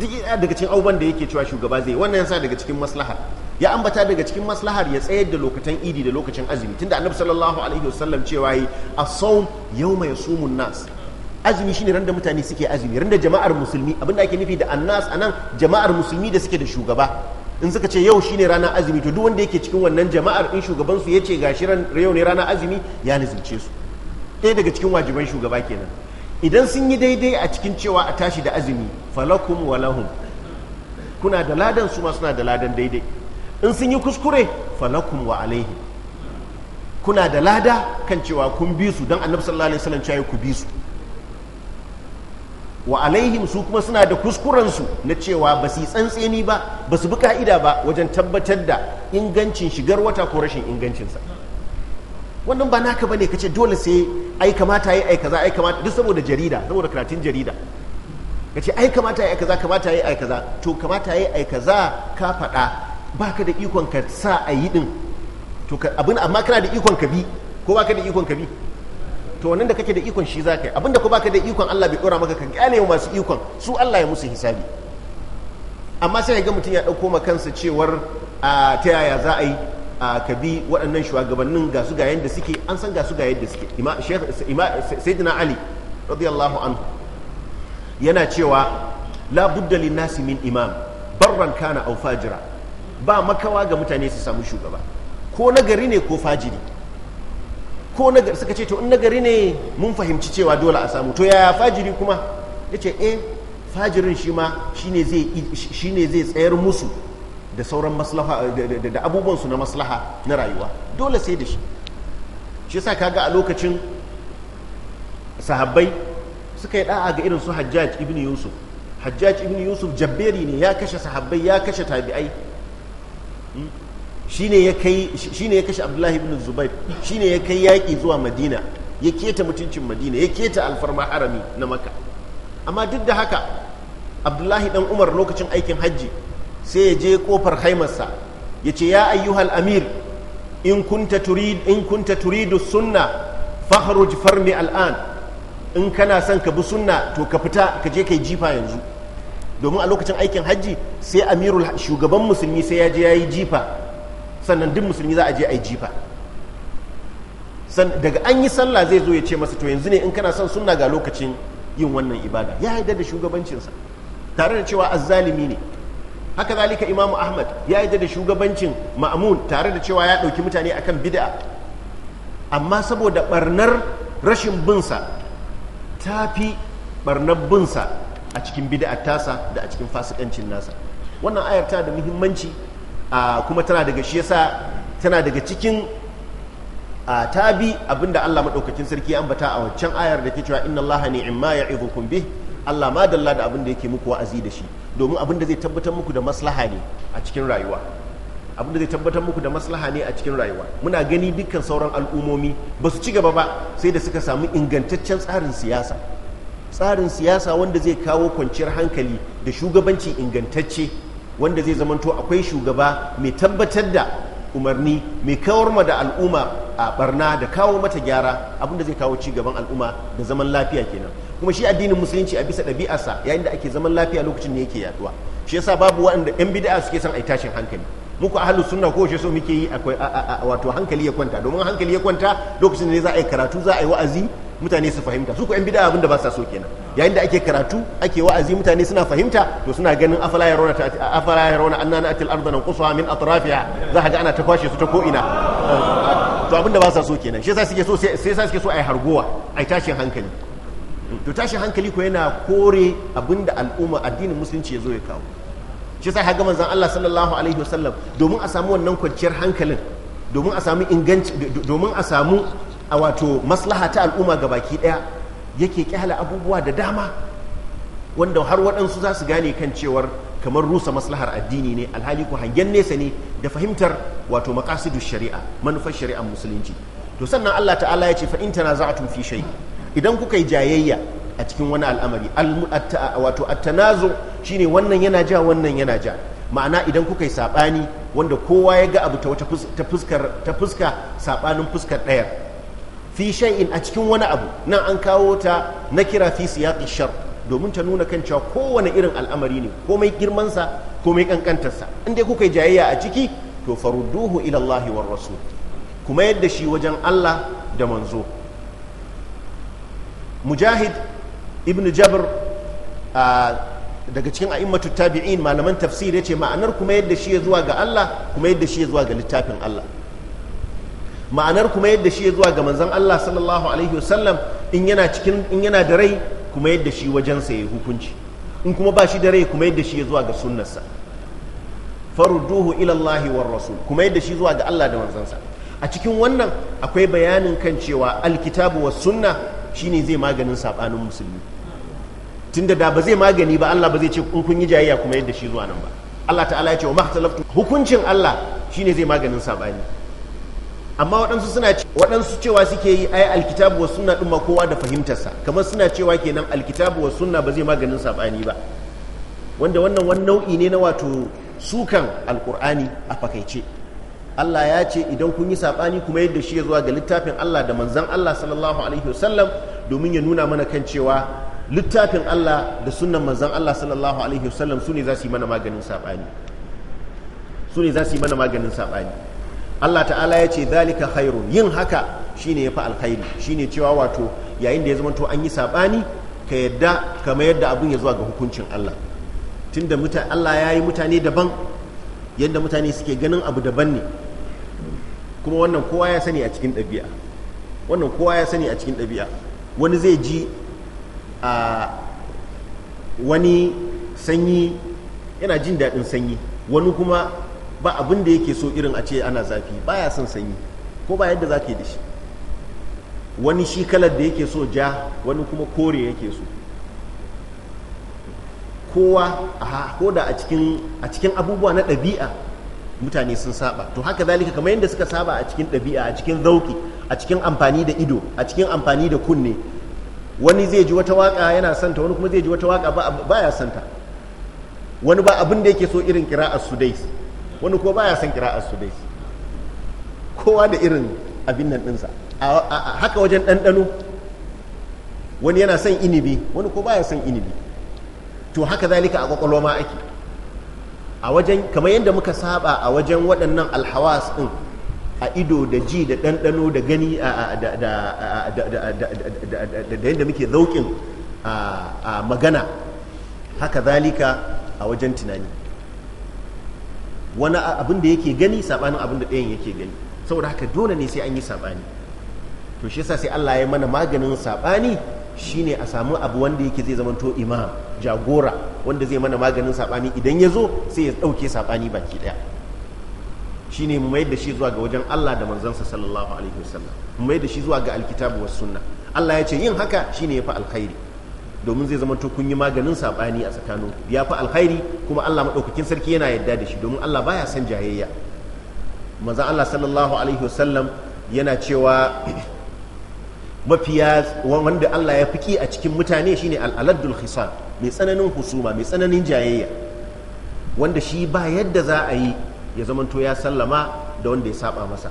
duk daga cikin abubuwan da yake cewa shugaba zai wannan yasa daga cikin maslaha ya ambata daga cikin maslahar ya tsayar da lokacin idi da lokacin azumi tunda annabi sallallahu alaihi wasallam cewa yi as-sawm yawma yasumun nas azumi shine randa mutane suke azumi randa jama'ar musulmi abinda ake nufi da annas anan jama'ar musulmi da suke da shugaba in suka ce yau shine rana azumi to duk wanda yake cikin wannan jama'ar in shugaban su yace gashi ran yau ne rana azumi ya lazimce su ɗaya daga cikin wajiban shugaba kenan idan sun yi daidai a cikin cewa a tashi da azumi falakum walahum kuna da ladan su ma suna da ladan daidai in sun yi kuskure falakum wa alaihi kuna da lada kan cewa kun bi su don annabi sallallahu alaihi wasallam cewa ku bi su wa alaihim su kuma suna da kuskurensu na cewa ba su yi tsantseni ba ba su bi ka'ida ba wajen tabbatar da ingancin shigar wata ko rashin ingancinsa wannan ba naka bane kace dole sai ai kamata yi ai kaza ai kamata duk saboda jarida saboda karatun jarida kace ai kamata yi ai kaza kamata yi ai kaza to kamata yi ai kaza ka faɗa ba ka da ikon ka sa a yi din to abin amma kana da ikon ka bi ko ba ka da ikon ka bi to wannan da kake da ikon shi za ka yi abin da ko ba ka da ikon Allah bai dora maka ka kyale masu ikon su Allah ya musu hisabi amma sai ga mutum ya ɗauko ma kansa cewar ta yaya za a yi a bi waɗannan shugabannin ga su ga yadda suke an san ga su ga yadda suke sayyidina ali radiyallahu anhu yana cewa la budda nasi min imam barran kana aw fajira ba makawa ga mutane su samu shugaba ko nagari ne ko fajiri ko nagari suka ce to in nagari ne mun fahimci cewa dole a samu to yaya fajiri kuma ya ce eh fajirin shi ma shi ne zai tsayar musu da sauran maslaha da abubuwansu na maslaha na rayuwa dole sai da shi shi sa kaga a lokacin sahabbai suka yi da'a ga irin su hajjaj ibn yusuf hajjaj ibn yusuf jabberi ne ya kashe sahabbai ya kashe tabi'ai shine ya ya kashe abdullahi ibn zubair ne ya kai yaƙi zuwa madina ya keta mutuncin madina ya keta alfarma harami na maka amma duk da haka abdullahi dan umar lokacin aikin hajji sai ya je kofar haimarsa ya ce ya ayyuhal amir in kunta turid in kunta turidu sunna fakhruj al'an in kana son ka bi sunna to ka fita ka je kai jifa yanzu domin a lokacin aikin hajji sai amirul shugaban musulmi sai ya je ya yi jifa sannan duk musulmi za a je a yi jifa daga an yi sallah zai zo ya ce masa to yanzu ne in kana son sunna ga lokacin yin wannan ibada ya yarda da shugabancinsa tare da cewa azzalimi ne haka zalika imamu ahmad ya yarda da shugabancin ma'amun tare da cewa ya ɗauki mutane akan bid'a amma saboda barnar rashin binsa ta fi barnar binsa a cikin bid'ar tasa da a cikin fasikancin nasa wannan ayar tana da muhimmanci kuma tana daga shi yasa tana daga cikin a tabi abinda Allah maɗaukacin sarki ya ambata a waccan ayar da ke cewa inna Allah ni'ma ya'idukum bih Allah ma dalla da abinda yake muku wa'azi da shi domin abinda zai tabbatar muku da maslaha ne a cikin rayuwa abinda zai tabbatar muku da maslaha ne a cikin rayuwa muna gani dukkan sauran al'umomi ba su ci gaba ba sai da suka samu ingantaccen tsarin siyasa tsarin siyasa wanda zai kawo kwanciyar hankali da shugabanci ingantacce wanda zai zamanto akwai shugaba mai tabbatar da umarni mai kawar ma da al'umma a barna da kawo mata gyara abinda zai kawo ci gaban al'umma da zaman lafiya kenan kuma shi addinin musulunci a bisa ɗabi'arsa yayin da ake zaman lafiya lokacin ne yake yaduwa shi yasa babu waɗanda yan bid'a suke son ai tashin hankali muku ahlus sunna ko shi so muke yi akwai wato hankali ya kwanta domin hankali ya kwanta lokacin ne za a yi karatu za a yi wa'azi mutane su fahimta su ku yan bid'a abinda ba sa so kenan yayin da ake karatu ake wa'azi mutane suna fahimta to suna ganin afala rona afala rona annana atil arda nanqusuha min atrafiha za ka ga ana ta kwashe su ta ko ina to abinda ba sa so kenan shi yasa suke so sai yasa suke so ai hargowa ai tashin hankali to tashin hankali ko yana kore abinda al'umma addinin musulunci ya zo ya kawo shi yasa haga manzon Allah sallallahu alaihi wasallam domin a samu wannan kwanciyar hankalin domin a samu inganci domin a samu a wato maslaha ta al'umma ga baki ɗaya yake kyala abubuwa da dama wanda har waɗansu za su gane kan cewar kamar rusa maslahar addini ne alhali ku hangen nesa ne da fahimtar wato maqasidu shari'a manufar shari'ar musulunci to sannan Allah ta'ala ya ce fa in tanaza'tum fi shai idan kuka yi jayayya a cikin wani al'amari wato at-tanazu shine wannan yana ja wannan yana ja ma'ana idan kuka yi sabani wanda kowa ya ga abu ta fuska sabanin fuskar ɗaya fi shay'in a cikin wani abu nan an kawo ta na kira fi siyaqi shar domin ta nuna kan cewa kowane irin al'amari ne komai girmansa komai kankantarsa in dai kuka yi jayayya a ciki to farudduhu ila Allah war rasul kuma yadda shi wajen Allah da manzo mujahid ibn jabr daga cikin a'immatu tabi'in malaman tafsir yace ma'anar kuma yadda shi ya zuwa ga Allah kuma yadda shi ya zuwa ga littafin Allah ma'anar kuma yadda shi ya zuwa ga manzon Allah sallallahu alaihi wasallam in yana cikin in yana da rai kuma yadda shi wajensa ya hukunci in kuma ba shi da rai kuma yadda shi ya zuwa ga sunnarsa farudduhu ila Allah war rasul kuma yadda shi zuwa ga Allah da manzansa a cikin wannan akwai bayanin kan cewa alkitabu was sunna shine zai maganin sabanin musulmi tunda da ba zai magani ba Allah ba zai ce in kun yi jayayya kuma yadda shi zuwa nan ba Allah ta'ala ya ce wa mahtalaftu hukuncin Allah shine zai maganin sabani amma waɗansu suna waɗansu cewa suke yi ai alkitabu wa sunna ɗin ma kowa da fahimtarsa kamar suna cewa kenan alkitabu wa sunna ba zai maganin saɓani ba wanda wannan wani nau'i ne na wato sukan alkur'ani a fakaice Allah ya ce idan kun yi saɓani kuma yadda shi ya zuwa ga littafin Allah da manzan Allah sallallahu alaihi wasallam domin ya nuna mana kan cewa littafin Allah da sunnan manzan Allah sallallahu alaihi wasallam su ne za su yi mana maganin saɓani su za su yi mana maganin saɓani Allah ta'ala ya ce zalika khairu yin haka shine yafi alkhairi shine cewa wato yayin da ya zama to an yi sabani ka yadda kama yadda abun ya zuwa ga hukuncin Allah tunda muta Allah ya yi mutane daban yadda mutane suke ganin abu daban ne kuma wannan kowa ya sani a cikin ɗabi'a wannan kowa ya sani a cikin ɗabi'a wani zai ji a wani sanyi yana jin daɗin sanyi wani kuma ba abin da yake so irin a ce ana zafi baya son sanyi ko ba yadda za ka yi da shi wani shi kalar da yake so ja wani kuma kore yake so kowa ko da a cikin abubuwa na ɗabi'a mutane sun saba to haka zalika kamar yadda suka saba a cikin ɗabi'a a cikin zauki a cikin amfani da ido a cikin amfani da kunne wani zai ji wata waka yana santa wani kuma zai ji wata waka ba ya santa wani ba abin da yake so irin kira'ar sudais wani ko baya son kira'ar su dai kowa da irin abin nan ɗinsa haka wajen ɗanɗano wani yana son inibi wani ko baya son inibi to haka zalika a kwakwalwa ma ake a wajen kamar yadda muka saba a wajen waɗannan alhawas ɗin a ido da ji da ɗanɗano da gani da yadda muke zauƙin magana haka zalika a wajen tunani wani abin da yake gani sabanin abin da ɗayan yake gani saboda haka dole ne sai an yi sabani to shi yasa sai Allah ya mana maganin sabani shine a samu abu wanda yake zai zama to imam jagora wanda zai mana maganin sabani idan ya zo sai ya ɗauke sabani baki ɗaya shine mu mayar shi zuwa ga wajen Allah da manzansa sallallahu alaihi wasallam mu mayar da shi zuwa ga alkitabu was sunna Allah ya ce yin haka shine fa alkhairi domin zai zamanto kun yi maganin saɓani a tsakanin ya fi alkhairi kuma Allah maɗaukakin sarki yana yadda da shi domin Allah baya san jayayya maza Allah sallallahu alaihi wasallam yana cewa mafiya wanda Allah ya fi a cikin mutane shine al'aladul khisa mai tsananin husuma mai tsananin jayayya wanda shi ba yadda za a yi ya zamanto ya sallama da wanda ya saba masa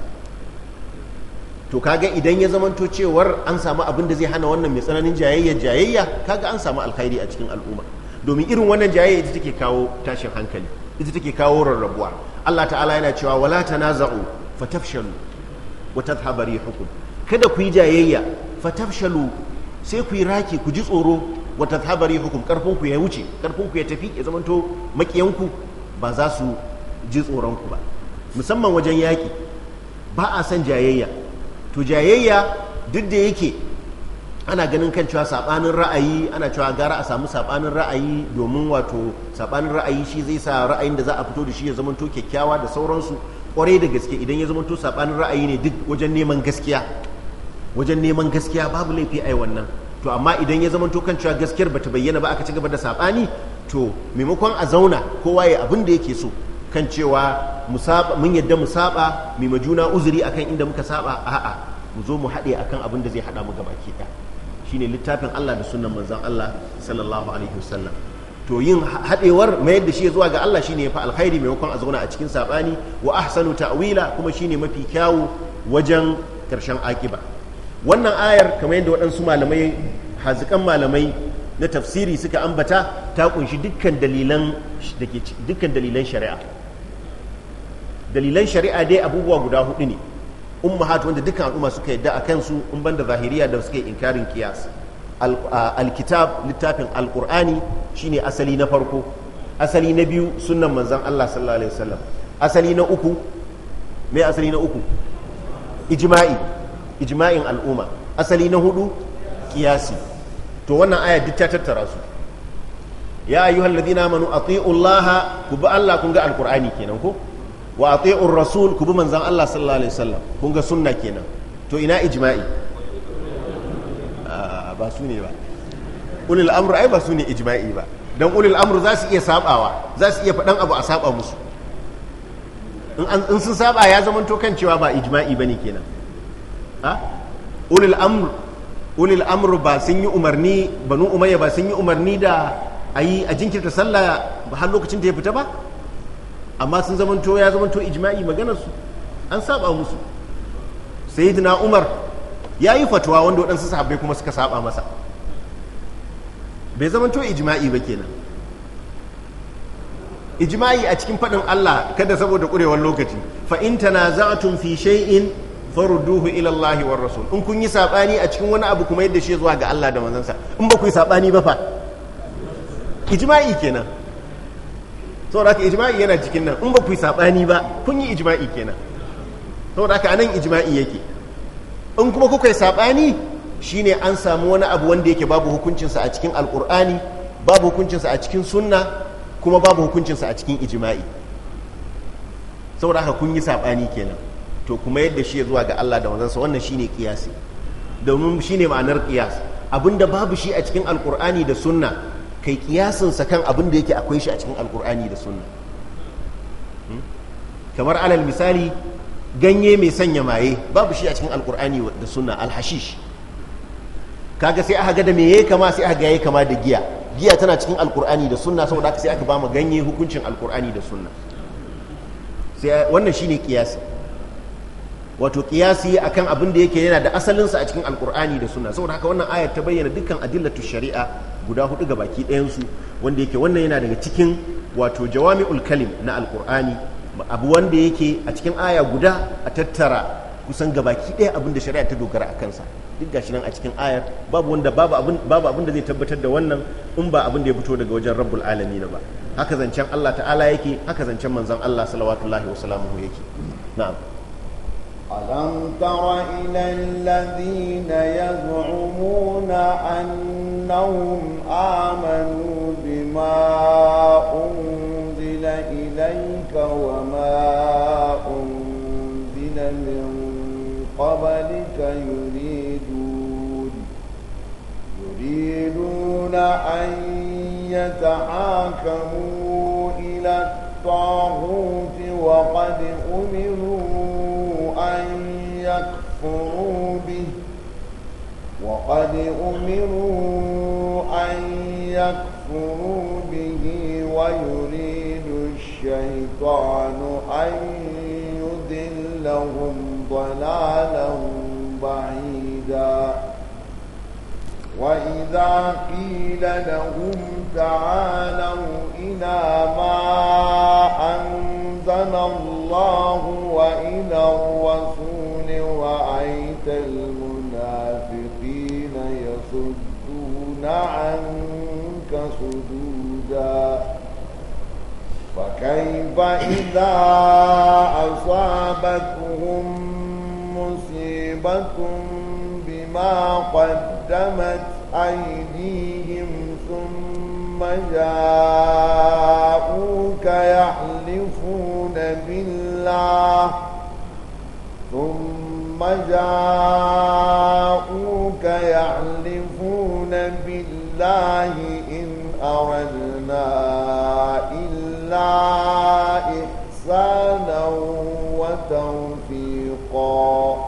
to kaga idan ya zamanto cewar an samu abin da zai hana wannan mai tsananin jayayya jayayya kaga an samu alkhairi a cikin al'umma domin irin wannan jayayya ita take kawo tashin hankali ita take kawo rarrabuwa Allah ta'ala yana cewa wala tanaza'u fatafshalu wa tadhhabu rihukum kada ku yi jayayya fatafshalu sai ku yi raki ku ji tsoro wa tadhhabu rihukum karfin ku ya wuce karfin ku ya tafi ya zamanto makiyanku ba za su ji tsoron ku ba musamman wajen yaki ba a san jayayya to jayayya duk da yake ana ganin kan cewa sabanin ra'ayi ana cewa gara a samu sabanin ra'ayi domin wato sabanin ra'ayi shi zai sa ra'ayin da za a fito da shi ya zamanto kyakkyawa da sauransu kwarai da gaske idan ya to sabanin ra'ayi ne duk wajen neman gaskiya wajen neman gaskiya babu laifi ai wannan to amma idan ya zamanto kan cewa gaskiyar bata bayyana ba aka ci gaba da sabani to maimakon a zauna kowa ya abin da yake so kan cewa mun yadda mu saba mai majuna uzuri akan inda muka saba a'a mu zo mu haɗe akan abin da zai haɗa mu gaba ke shine littafin Allah da sunan manzon Allah sallallahu alaihi wasallam to yin haɗewar mayar da shi zuwa ga Allah shine fa alkhairi maimakon a zauna a cikin sabani wa ahsanu ta'wila kuma shine mafi kyawu wajen karshen akiba wannan ayar kamar yadda waɗansu malamai hazikan malamai na tafsiri suka ambata ta kunshi dukkan dukkan dalilan shari'a dalilan shari'a dai abubuwa guda hudu ne umma ummahat wanda dukkan al'umma suka yadda a kansu in banda zahiriya da suke inkarin kiyas alkitab littafin alkur'ani shine asali na farko asali na biyu sunnan manzon Allah sallallahu alaihi wasallam asali na uku me asali na uku ijma'i ijma'in al'umma asali na hudu kiyasi to wannan aya duk ta tattara su ya ayyuhal ladina amanu ati'u Allah ku bi Allah kun ga alkur'ani kenan ko wa tsaye rasul ku bi manzan Allah sallallahu alaihi wasallam kun ga sunna kenan to ina ijma'i ah, ba su ne ba ulil amru ai ba su ne ijma'i ba don ulil amru za su iya sabawa za su iya faɗan abu a saba musu in sun saba ya zama to kan cewa ba ijma'i ne kenan ha ulil amru ulil amr ba sun yi umarni banu umayya ba sun yi umarni da yi a jinkirta sallah ba har lokacin da ya fita ba amma sun zamanto ya zamanto ijma'i maganarsu an saba musu sayyidina umar ya yi fatuwa wanda waɗansu sahabbai kuma suka saba masa bai zamanto ijma'i ba kenan ijma'i a cikin faɗin Allah kada saboda ƙurewar lokaci fa in tanaza'tum fi shay'in farduhu ila Allah war rasul in kun yi sabani a cikin wani abu kuma yadda shi zuwa ga Allah da manzansa in ba ku yi sabani ba fa ijma'i kenan saboda haka ijma'i yana cikin nan in ba ku yi sabani ba kun yi ijma'i kenan saboda haka anan ijima'i yake in kuma kuka yi sabani shine an samu wani abu wanda yake babu hukuncinsa a cikin alƙur'ani babu hukuncinsa a cikin sunna kuma babu hukuncinsa a cikin ijma'i saboda haka kun yi sabani kenan to kuma yadda shi zuwa ga Allah da wanzansa wannan shine kiyasi domin shine ma'anar kiyas abinda babu shi a cikin alkur'ani da sunna kai kiyasinsa kan abin da yake akwai shi a cikin alkur'ani da sunna hmm? kamar alal misali ganye mai sanya maye babu shi a cikin alkur'ani da sunna alhashish kaga sai aka ga da meye kama sai aka ga yayi kama da giya giya tana cikin alkur'ani da sunna saboda haka sai aka ba mu ganye hukuncin alkur'ani da sunna sai wannan shine kiyasi wato kiyasi akan abin da yake yana da asalinsa a cikin alkur'ani da sunna saboda haka wannan ayar ta bayyana dukkan adillatu shari'a guda hudu ga baki ɗayansu wanda yake wannan yana daga cikin wato jawami ulkalim na alkur'ani abu wanda yake a cikin aya guda a tattara kusan gabaki ɗaya abin da shari'a ta dogara a kansa duk gashi nan a cikin ayar babu wanda babu abin da zai tabbatar da wannan in ba abin da ya fito daga wajen rabbul alamin ba haka zancen Allah ta'ala yake haka zancen manzon Allah salawatullahi wasalamu yake na'am ألم تر إلى الذين يزعمون أنهم آمنوا بما أنزل إليك وما أنزل من قبلك يريدون يريدون أن يتحاكموا إلى الطاغوت وقد أمروا ليكفروا به وقد أمروا أن يكفروا به ويريد الشيطان أن يذلهم ضلالا بعيدا وإذا قيل لهم تعالوا إلى ما أنزل الله وإلى الرسول رأيت المنافقين يصدون عنك صدودا فكيف إذا أصابتهم مصيبة بما قدمت أيديهم ثم جاءوك يحلفون بالله ثم ثم جاءوك يعلفون بالله إن أردنا إلا إحسانا وتوفيقا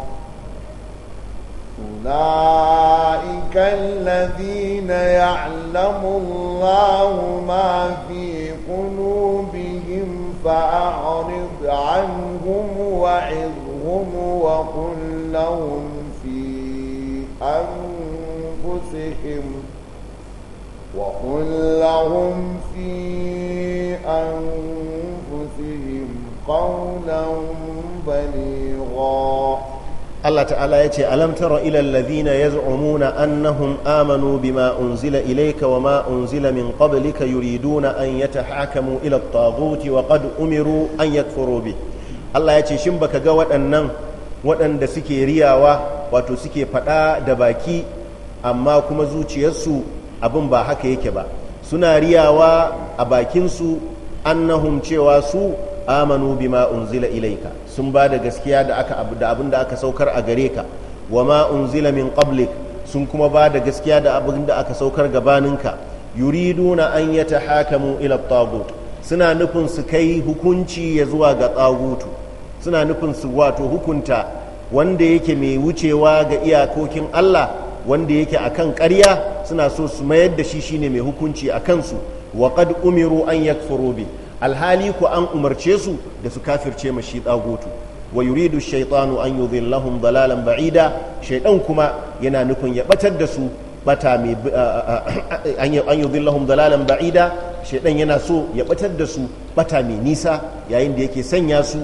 أولئك الذين يعلم الله ما في قلوبهم فأعرض عنهم وعظهم منهم وقل لهم في أنفسهم وقل لهم في أنفسهم قولا بليغا الله تعالى يتي ألم تر إلى الذين يزعمون أنهم آمنوا بما أنزل إليك وما أنزل من قبلك يريدون أن يتحاكموا إلى الطاغوت وقد أمروا أن يكفروا به Allah ya ce ba ka ga waɗannan waɗanda suke riyawa wato suke faɗa da baki amma kuma zuciyarsu abin ba haka yake ba suna riyawa a bakinsu annahum cewa su amanu bima unzila ilaika sun ba da gaskiya da aka abin da aka saukar a gare ka wa ma unzila min qablik sun kuma ba da gaskiya da abin da aka saukar gabaninka yuriduna an hakamu ila tagut suna nufin su kai hukunci ya zuwa ga tsagutu suna nufin su wato hukunta wanda yake mai wucewa ga iyakokin Allah wanda yake akan karya suna so su mayar da shi shine mai hukunci a kansu wa kad umiru an bi alhali ku an umarce su da su kafirce ma shi tsagutu wa yuridu shaitanu an dalalan ba'ida shaidan kuma yana nufin ya batar da su bata mai an dalalan ba'ida shaidan yana so ya batar da su bata mai nisa yayin da yake sanya su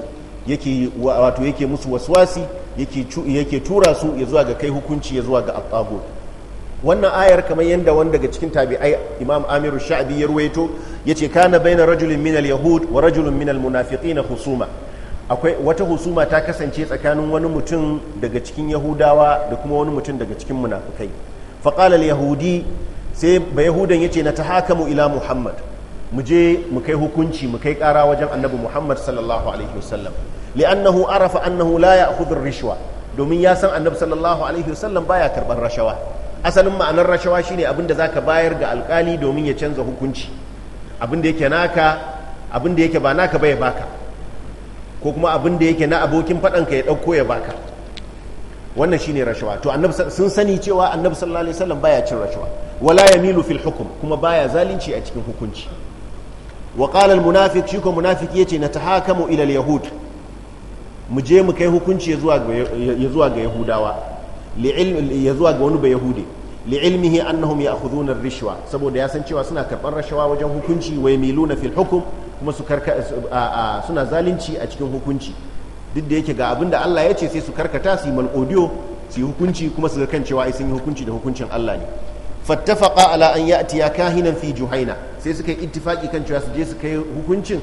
yake wato yake musu waswasi yake tura su ya zuwa ga kai hukunci ya zuwa ga attago wannan ayar kamar yadda wani daga cikin tabi'ai imam amiru sha'abi ya ruwaito ya ce kana baina rajulun minal yahud wa rajulun minal na husuma akwai wata husuma ta kasance tsakanin wani mutum daga cikin yahudawa da kuma wani mutum daga cikin munafikai faƙalar yahudi sai bayahudan ya ce na ta haka mu ila muhammad mu je mu kai hukunci mu kai kara wajen annabi muhammad sallallahu alaihi wasallam annahu arafa annahu la ya'khudhu rishwa domin ya san annabi sallallahu alaihi wasallam baya karban rashawa asalin ma'anar rashawa shine abin da zaka bayar ga alkali domin ya canza hukunci abin da yake naka abin da yake ba naka ba ya baka ko kuma abin da yake na abokin fadan ka ya ɗauko ya baka wannan shine rashawa to annabi sun sani cewa annabi sallallahu alaihi wasallam baya cin rashawa wala yamilu fil hukum kuma baya zalunci a cikin hukunci wa qala al munafiq shi ko munafiq yace na tahakamu ila al yahud mu je mu kai hukunci ya zuwa ga yahudawa ya zuwa ga wani ba yahudi li ilmihi annahum ya'khudhuna ar-rishwa saboda ya san cewa suna karban rashawa wajen hukunci wa yamiluna fil hukum kuma su karka suna zalunci a cikin hukunci duk da yake ga abin da Allah ya ce sai su karkata su yi malƙodiyo su yi hukunci kuma su ga kan cewa ai sun yi hukunci da hukuncin Allah ne fattafaka ala an ya'tiya kahinan fi juhaina sai suka yi ittifaki kan cewa su je su kai hukuncin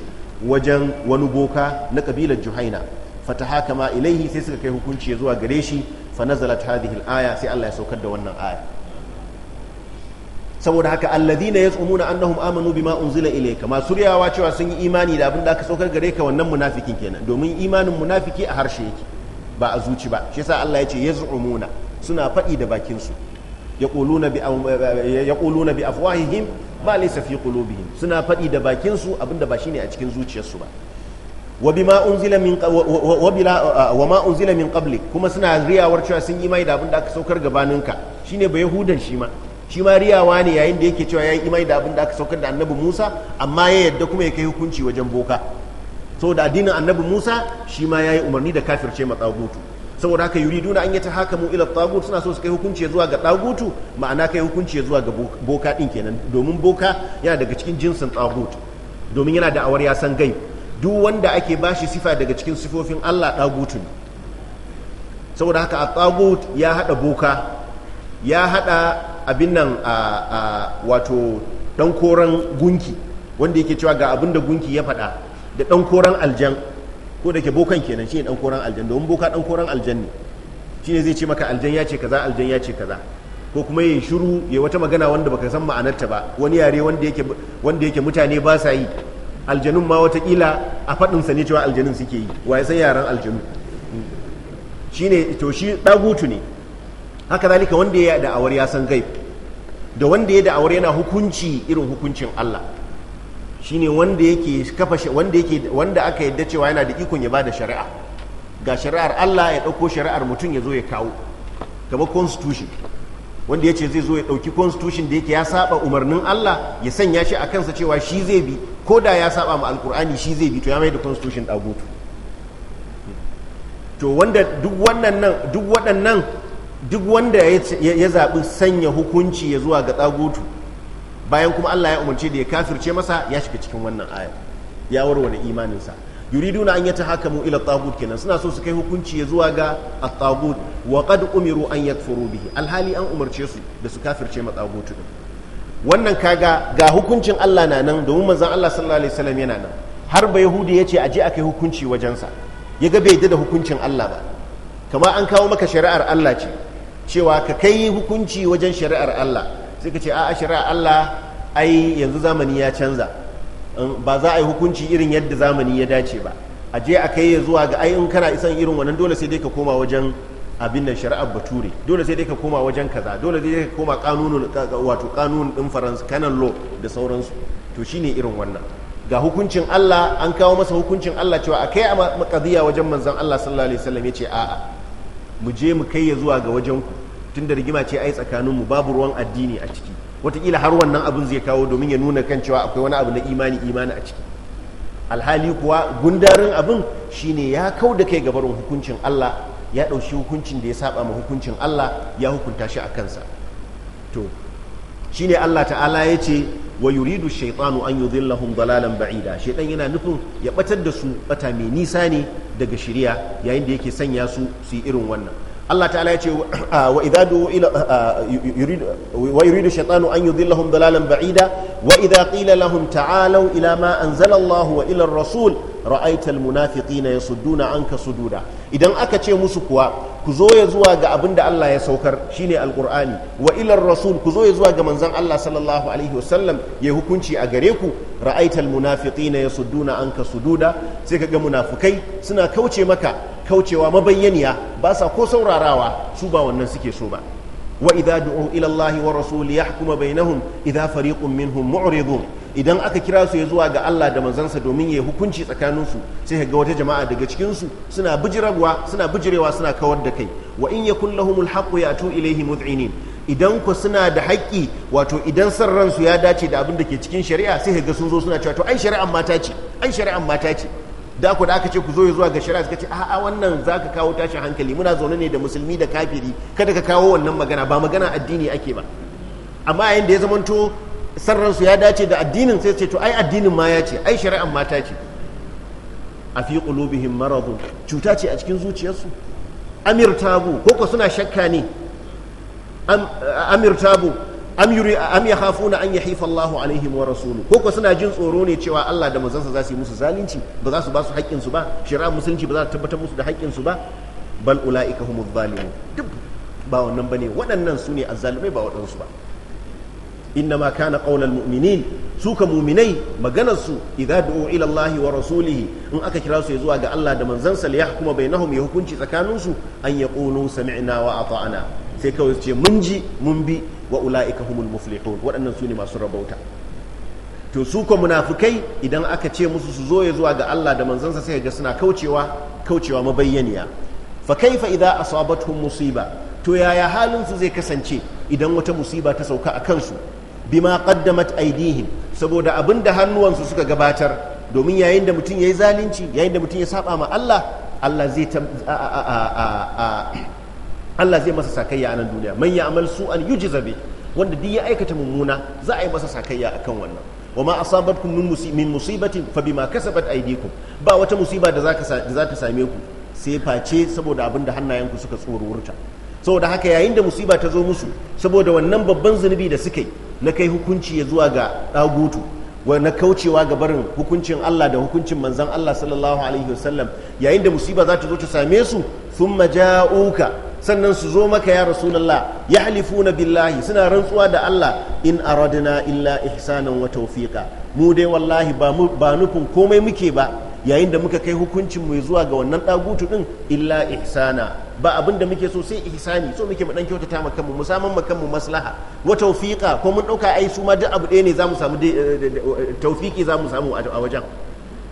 wajen wani boka na kabilar juhaina haka ma ilaihi sai suka kai hukunci zuwa gare shi fa nazalat hadhihi aya sai Allah ya saukar da wannan aya saboda haka alladhina yaz'umuna annahum amanu bima unzila ilayka ma riyawa cewa sun yi imani da abin da aka saukar gare ka wannan munafikin kenan domin imanin munafiki a harshe yake ba a zuci ba shi yasa Allah ya ce yaz'umuna suna faɗi da bakin su yaquluna bi afwahihim ma laysa fi qulubihim suna faɗi da bakin su abinda ba shine a cikin zuciyarsu ba wa bima unzila min min kuma suna riyawar cewa sun yi mai da abinda aka saukar gabaninka shine ba yahudan shi ma shi ma riyawa ne yayin da yake cewa yayi mai da abinda aka saukar da annabi Musa amma ya yadda kuma ya kai hukunci wajen boka da addinin annabi Musa shi ma yayi umarni da kafirce matsagutu saboda haka yuriduna an yata mu ila tagut suna so su kai hukunci zuwa ga tagutu ma'ana kai hukunci zuwa ga boka din kenan domin boka yana daga cikin jinsin tagut domin yana da awar ya san gai duk wanda ake bashi sifa daga cikin sifofin Allah tagutu ne saboda haka tagut ya hada boka ya hada abin nan a wato dan koran gunki wanda yake cewa ga abin da gunki ya fada da dan koran aljan ko da ke bokan kenan shi ne dan koran aljan domin boka dan koran aljan ne shi ne zai ce maka aljan ya ce kaza aljan ya ce kaza ko kuma yin shiru ya wata magana wanda baka san ma'anarta ba wani yare wanda yake wanda yake mutane ba sa yi aljanun ma kila a faɗin sa ne cewa aljanun suke yi waye san yaran aljanu shine to shi dagutu ne haka zalika wanda ya da'awar ya san gaib da wanda ya da'awar yana hukunci irin hukuncin Allah shine wanda yake kafa wanda yake wanda aka yadda cewa yana da ikon ya bada shari'a ga shari'ar Allah ya dauko shari'ar mutum ya zo ya kawo gaba constitution wanda ya ce zai zo ya dauki constitution da yake ya saba umarnin Allah ya sanya shi a kansa cewa shi zai bi ko da ya saba ma alkur'ani shi zai bi to ya mai da constitution dagutu to wanda duk wannan nan duk waɗannan duk wanda ya zaɓi sanya hukunci ya zuwa ga tsagutu bayan kuma Allah ya umarce da ya kafirce masa ya shiga cikin wannan aya ya warware imaninsa yuriduna an yatahakamu ila tagut kenan suna so su kai hukunci ya zuwa ga at-tagut wa qad umiru an yakfuru bihi alhali an umarce su da su kafirce ma din wannan kaga ga hukuncin Allah na nan domin manzon Allah sallallahu alaihi wasallam yana nan har ba yahudi yace a je a kai hukunci wajensa ya ga bai da hukuncin Allah ba Kamar an kawo maka shari'ar Allah ce cewa ka kai hukunci wajen shari'ar Allah sai ka ce a shari'a Allah ai yanzu zamani ya canza ba za a yi hukunci irin yadda zamani ya dace ba a je a kai ya zuwa ga ai kana isan irin wannan dole sai dai ka koma wajen abin nan shari'ar bature dole sai dai ka koma wajen kaza dole sai dai ka koma kanunin wato kanunin din faransa canon law da sauransu to shine irin wannan ga hukuncin Allah an kawo masa hukuncin Allah cewa a kai a makadiya wajen manzon Allah sallallahu alaihi wasallam yace a'a mu je mu kai ya zuwa ga wajen ku tun da rigima ce ai tsakaninmu babu ruwan addini a ciki watakila har wannan abin zai kawo domin ya nuna kan cewa akwai wani abu na imani imani a ciki alhali kuwa gundarin abin shine ya kau da kai gabarin hukuncin Allah ya ɗauki hukuncin da ya saba ma hukuncin Allah ya hukunta shi a kansa to shine Allah ta'ala ya ce wa yuridu shaitanu an yudhillahum dalalan ba'ida shaitan yana nufin ya ɓatar da su bata mai nisa ne daga shari'a yayin da yake sanya su su yi irin wannan Allah ta'ala ya ce ah, wa idza du ila ah, ah, yurid wa yuridu shaytanu an yudhillahum dalalan ba'ida wa idza qila lahum ta'alu ila ma anzala Allah wa ila ar-rasul ra'aital munafiqina yasudduna anka sududa idan aka ce musu kuwa ku zo ya zuwa ga abinda Allah ya saukar shine alqur'ani wa ila rasul ku zo ya zuwa ga manzon Allah sallallahu alaihi wasallam ya hukunci a gare ku ra'aital munafiqina yasudduna anka sududa sai kaga munafukai suna kauce maka kaucewa mabayyaniya ba sa ko saurarawa su ba wannan suke so ba wa idza du'u ila Allah wa rasul yahkuma bainahum idza fariqun minhum mu'ridun idan aka kira su ya zuwa ga Allah da manzansa domin ya hukunci tsakaninsu sai ga wata jama'a daga cikinsu suna bijirarwa suna bijirewa suna kawar da kai wa in ya yakun lahumul haqqu yatu ilayhi mud'inin idan ku suna da haƙƙi wato idan san ransu ya dace da abin da ke cikin shari'a sai ga sun zo suna cewa to ai shari'an mata ce ai shari'an mata ce da ku da aka ce ku zo ya zuwa ga shari'a suka ce a'a wannan zaka kawo tashin hankali muna zaune ne da musulmi da kafiri kada ka kawo wannan magana ba magana addini ake ba amma yayin da ya zamanto sarransu ya dace da addinin sai ce to ai addinin ma ya ce ai shari'an mata ce a fi qulubihim maradun cuta ce a cikin zuciyarsu amir tabu ko ko suna shakka ne amir tabu am yuri am yakhafuna an yahifa Allahu alaihim wa rasuluhu ko ko suna jin tsoro ne cewa Allah da manzansa za su yi musu zalunci ba za su ba su haƙƙin su ba shari'ar musulunci ba za ta tabbatar musu da haƙƙin su ba bal ulaika humuz zalimun duk ba wannan bane waɗannan su ne azzalumai ba waɗansu ba inna maka na ƙaunar muminin su ka muminai maganarsu idan du'o'ilallahi wa rasuluhu in aka kira su ya zuwa ga allah da manzansa layaha kuma bainahu mai hukunci tsakaninsu. an yi kununsi su sami cinawa a fa'ana sai kawai su ce mun ji mun bi wa ita ka humna mufli ɗauke waɗannan su ne masu rabauta. to su ka munafukai idan aka ce musu su zo ya zuwa ga allah da manzansa suka gasuna kwaice wa mabayanya fa kai fa idan asabar tun musu to yaya halin su zai kasance idan wata musiba ta sauka a kansu. bima qaddamat aydihim saboda abin hannuwansu suka gabatar domin yayin da mutum yayi zalunci yayin da mutum ya saba ma Allah Allah zai Allah zai masa sakayya a nan duniya man ya'mal su'an yujza bi wanda duk ya aikata mummuna za a yi masa sakayya akan wannan wa ma asabatkum min min musibatin fa bima kasabat aydikum ba wata musiba da za ta same ku sai face saboda abin da hannayenku suka tsoro wurta saboda haka yayin da musiba ta zo musu saboda wannan babban zunubi da suka yi na kai hukunci ya zuwa ga ɗagutu na kaucewa ga barin hukuncin Allah da hukuncin manzan Allah sallallahu alaihi wasallam yayin da musiba za ta zo ta same su sun maja'uka sannan su zo maka ya rasulallah ya na billahi suna rantsuwa da Allah in aradna illa ihsanan wa tawfiqa mu dai wallahi ba nufin komai muke ba yayin da muka kai hukuncin mu zuwa ga wannan ɗagutu ɗin illa ihsana ba abin da muke so sai ihsani so muke mu dan kyautata ma kanmu mu samu ma kanmu maslaha wa tawfiqa ko mun dauka ai su ma duk abu ɗaya ne zamu samu eh, eh, eh, tawfiki zamu samu a wajen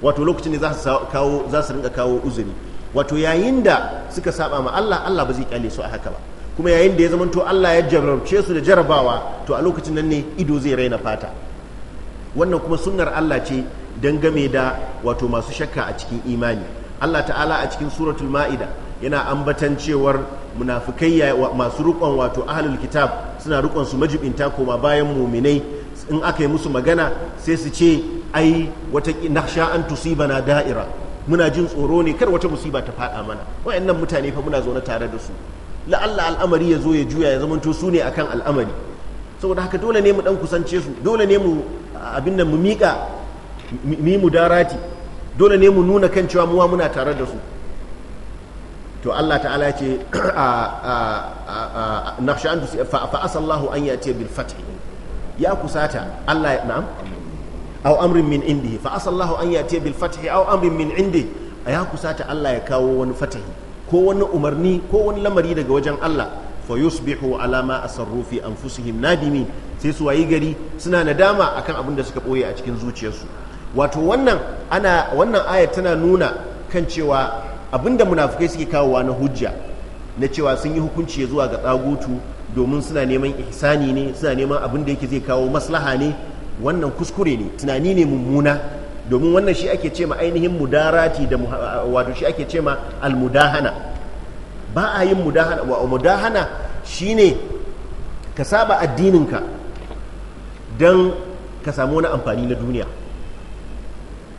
wato lokacin ne za su kawo za su rinka kawo uzuri wato yayin da suka saba ma Allah Allah ba zai kyale su a haka ba kuma yayin da ya to Allah ya jarrabce su da jarabawa to a lokacin nan ne ido zai raina fata wannan kuma sunnar Allah ce dangame da wato masu shakka a cikin imani Allah ta'ala a cikin suratul ma'ida yana ambatan cewar munafikai masu rukon wato ahlul kitab suna rukon su majibinta koma bayan muminai in aka yi musu magana sai su ce ai wata sha'an an na da'ira muna jin tsoro ne kar wata musiba ta faɗa mana wayannan mutane fa muna zaune tare da su la'alla al'amari ya zo ya juya ya zamanto su ne akan al'amari saboda haka dole ne mu dan kusance su dole ne mu abin nan mu miƙa mi mudarati dole ne mu nuna kan cewa muwa muna tare da su to Allah ta'ala ya ce na sha'an fa'asallahu an ya ce bil fathi ya kusata Allah ya na'am aw amrin min indi fa'asallahu an ya ce bil fathi aw amrin min indi ya kusata Allah ya kawo wani fatahi ko wani umarni ko wani lamari daga wajen Allah fa yusbihu ala ma asarru fi anfusihim nadimi sai su wayi gari suna nadama akan abin da suka boye a cikin zuciyarsu wato wannan ana wannan ayat tana nuna kan cewa abinda munafukai suke kawowa na hujja na cewa sun yi hukunci zuwa ga tsagutu domin suna neman ihsani ne suna neman abin da yake zai kawo maslaha ne wannan kuskure ne tunani ne mummuna domin wannan shi ake cema ainihin mudarati da wato shi ake cema almudahana ba a yin mudahana wa mudahana shine ka saba addininka don ka samu wani amfani na duniya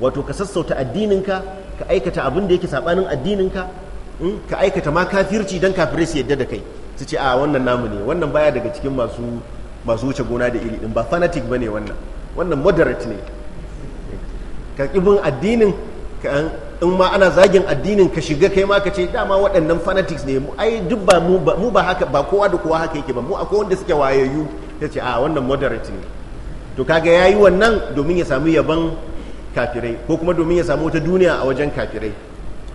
wato ka sassauta addininka ka aikata abin da yake sabanin addininka hmm? ka aikata ma kafirci don kafirai su yadda da kai su ce a wannan namu ne wannan baya daga cikin masu masu wuce gona da iri ba fanatic bane wannan wannan moderate ne ka ƙibin addinin in ma ana zagin addinin ka shiga kai ma ka ce dama waɗannan fanatics ne ai duk ba mu ba haka ba kowa da kowa haka yake ba mu akwai wanda suke wayayyu ya ce a wannan moderate ne to kaga ya yi wannan domin ya samu yaban kafirai ko kuma domin ya samu wata duniya a wajen kafirai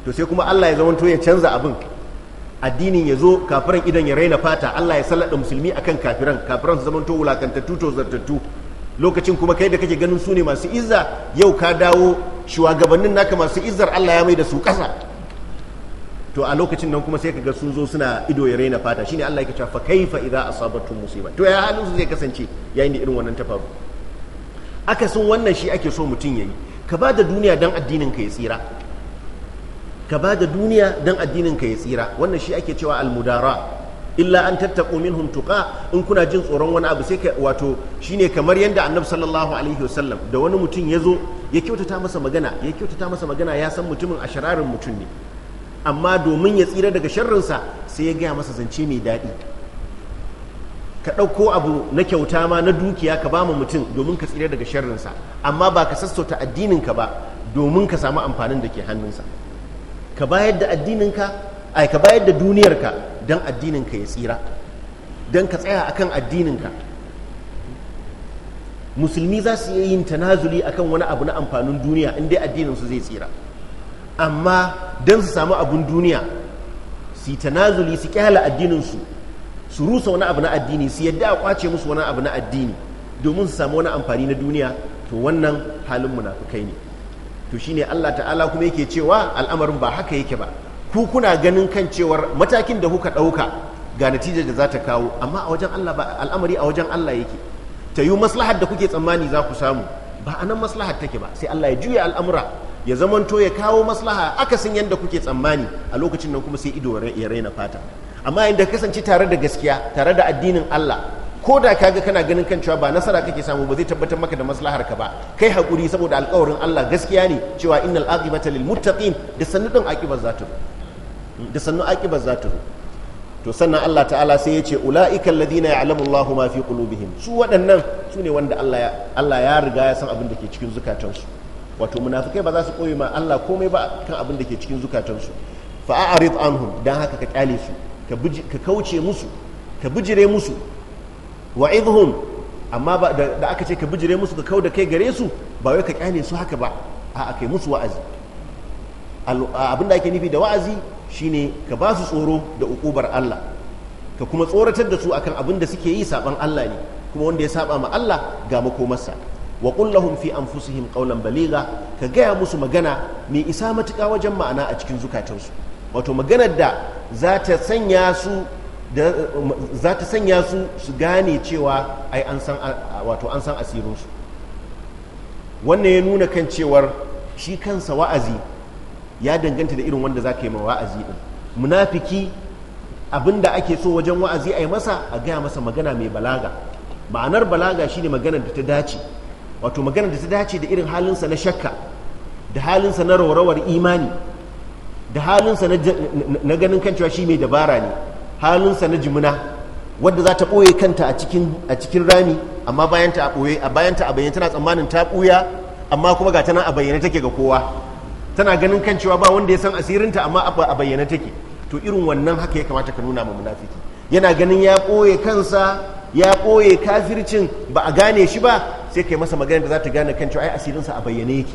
to sai kuma Allah ya zamanto ya canza abin addinin ya zo kafiran idan ya raina fata Allah ya sallada musulmi akan kafiran kafiran su zamanto wulakantattu to zartattu lokacin kuma kai da kake ganin su ne masu izza yau ka dawo shugabannin naka masu izzar Allah ya mai da su kasa. to a lokacin nan kuma sai ka ga sun zo suna ido ya raina fata shine Allah ya kace fa kaifa idza asabatu musiba to ya halin su zai kasance yayin da irin wannan ta faru akasin wannan shi ake so mutum yayi ka ba da duniya don addinin ka ya tsira ka ba da duniya don addinin ka ya tsira wannan shi ake cewa almudara illa an tattaɓo min tuqa in kuna jin tsoron wani abu sai ka wato ne kamar yadda annabi sallallahu alaihi wasallam da wani mutum ya zo ya kyautata masa magana ya kyautata masa magana ya san mutumin a shararin mutum ne amma domin ya tsira daga sharrinsa sai ya gaya masa zance mai daɗi ka ɗauko abu na kyauta ma na dukiya ka ba mu mutum domin ka tsira daga sharrinsa amma ba ka sassauta addininka ba domin ka samu amfanin da ke hannunsa ka bayar da addininka ai ka bayar da duniyarka don addininka ya tsira don ka tsaya akan addininka musulmi za su iya yin tanazuli akan wani abu na amfanin duniya in dai addininsu zai tsira amma don su samu abun duniya su yi tanazuli su kyala addininsu su rusa wani abu na addini su yadda a kwace musu wani abu na addini domin su samu wani amfani na duniya to wannan halin munafukai ne to shine Allah ta'ala kuma yake cewa al'amarin ba haka yake ba ku kuna ganin kan cewar matakin da kuka ɗauka ga natijar da za ta kawo amma a wajen Allah ba al'amari a wajen Allah yake ta yi maslahar da kuke tsammani za ku samu ba a nan maslahar take ba sai Allah ya juya al'amura ya zamanto ya kawo maslaha akasin yadda kuke tsammani a lokacin nan kuma sai ido ya raina fata amma inda kasance tare da gaskiya tare da addinin Allah ko da ka ga kana ganin kan cewa ba nasara kake samu ba zai tabbatar maka da maslahar ka ba kai hakuri saboda alƙawarin Allah gaskiya ne cewa innal aqibata lil muttaqin da sannu din aqibar za ta hmm, da sannu aqibar za ta to sannan Allah ta'ala sai ya ce ulaika alladhina ya'lamu Allahu ma fi qulubihim su waɗannan su ne wanda Allah ya Allah ya riga ya san abin da ke cikin zukatansu wato munafikai ba za su koyi ma Allah komai ba kan abin da ke cikin zukatansu fa a'rid anhum dan haka ka kyale su ka kauce musu ka bijire musu wa idhum amma da aka ce ka bijire musu ka kau da kai gare su ba wai ka kyane su haka ba a kai musu wa'azi abin da ake nufi da wa'azi shine ka ba su tsoro da ukubar Allah ka kuma tsoratar da su akan abin da suke yi saban Allah ne kuma wanda ya saba ma Allah ga makomarsa wa qul lahum fi anfusihim qawlan baliga ka gaya musu magana mai isa matuƙa wajen ma'ana a cikin zukatansu wato maganar da za ta sanya su su gane cewa ai an san wato an san asirinsu wannan ya nuna kan cewar shi kansa wa'azi ya danganta da irin wanda za ka yi ma wa'azi din munafiki abin ake so wajen wa'azi a yi masa a gaya masa magana mai balaga ma'anar balaga shine maganar da ta dace wato maganar da ta dace da irin halinsa na shakka da halinsa na rawrawar imani da halinsa na ganin kan cewa shi mai dabara ne halinsa na jimina wadda za ta ɓoye kanta a cikin rami amma bayanta a ɓoye a bayanta a tana tsammanin ta ɓuya amma kuma ga tana a bayyane take ga kowa tana ganin kan cewa ba wanda ya san asirinta amma a bayyane take to irin wannan haka ya kamata ka nuna ma munafiki yana ganin ya ɓoye kansa ya ɓoye kafircin ba a gane shi ba sai kai masa magana da za ta gane kan cewa ai asirinsa a bayyane yake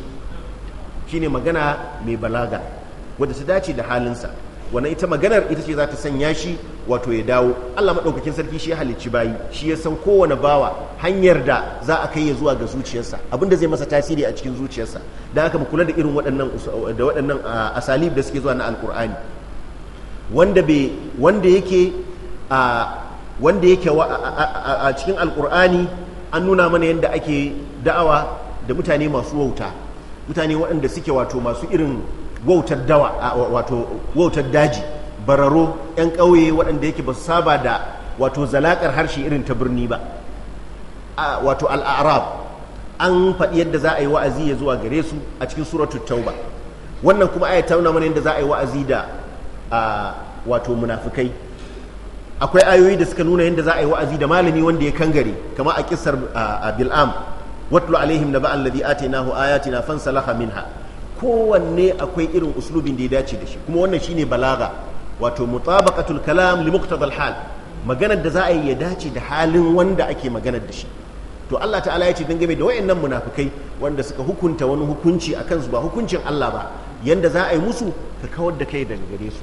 shine magana mai balaga wadda ta dace da halinsa wannan ita maganar ita ce za ta sanya shi wato ya dawo Allah maɗaukakin sarki shi ya halicci bayi shi ya san kowane bawa hanyar da za a kai ya zuwa ga zuciyarsa abinda zai masa tasiri a cikin zuciyarsa da aka mu kula da irin waɗannan da waɗannan asalib da suke zuwa na alkur'ani wanda wanda yake a wanda yake a cikin alkur'ani an nuna mana yadda ake da'awa da mutane masu wauta mutane waɗanda suke wato masu irin wautar dawa wato wautar daji bararo 'yan ƙauye waɗanda yake ba saba da wato zalakar harshe irin ta birni ba wato al'arab an faɗi yadda za a yi wa'azi ya zuwa gare su a cikin suratul tauba wannan kuma aya ta nuna mana yadda za a yi wa'azi da wato munafukai akwai ayoyi da suka nuna yadda za a yi wa'azi da malami wanda ya kangare kama a kisar bil'am watlu alaihim naba alladhi atainahu ayatina fansalaha minha kowanne akwai irin uslubin da ya dace da shi kuma wannan shine balaga wato mutabaqatul kalam li muqtadal hal maganar da za a yi ya dace da halin wanda ake maganar da shi to Allah ta'ala ya ce game da wayannan munafikai wanda suka hukunta wani hukunci akan su ba hukuncin Allah ba yanda za a yi musu ka kawar da kai daga gare su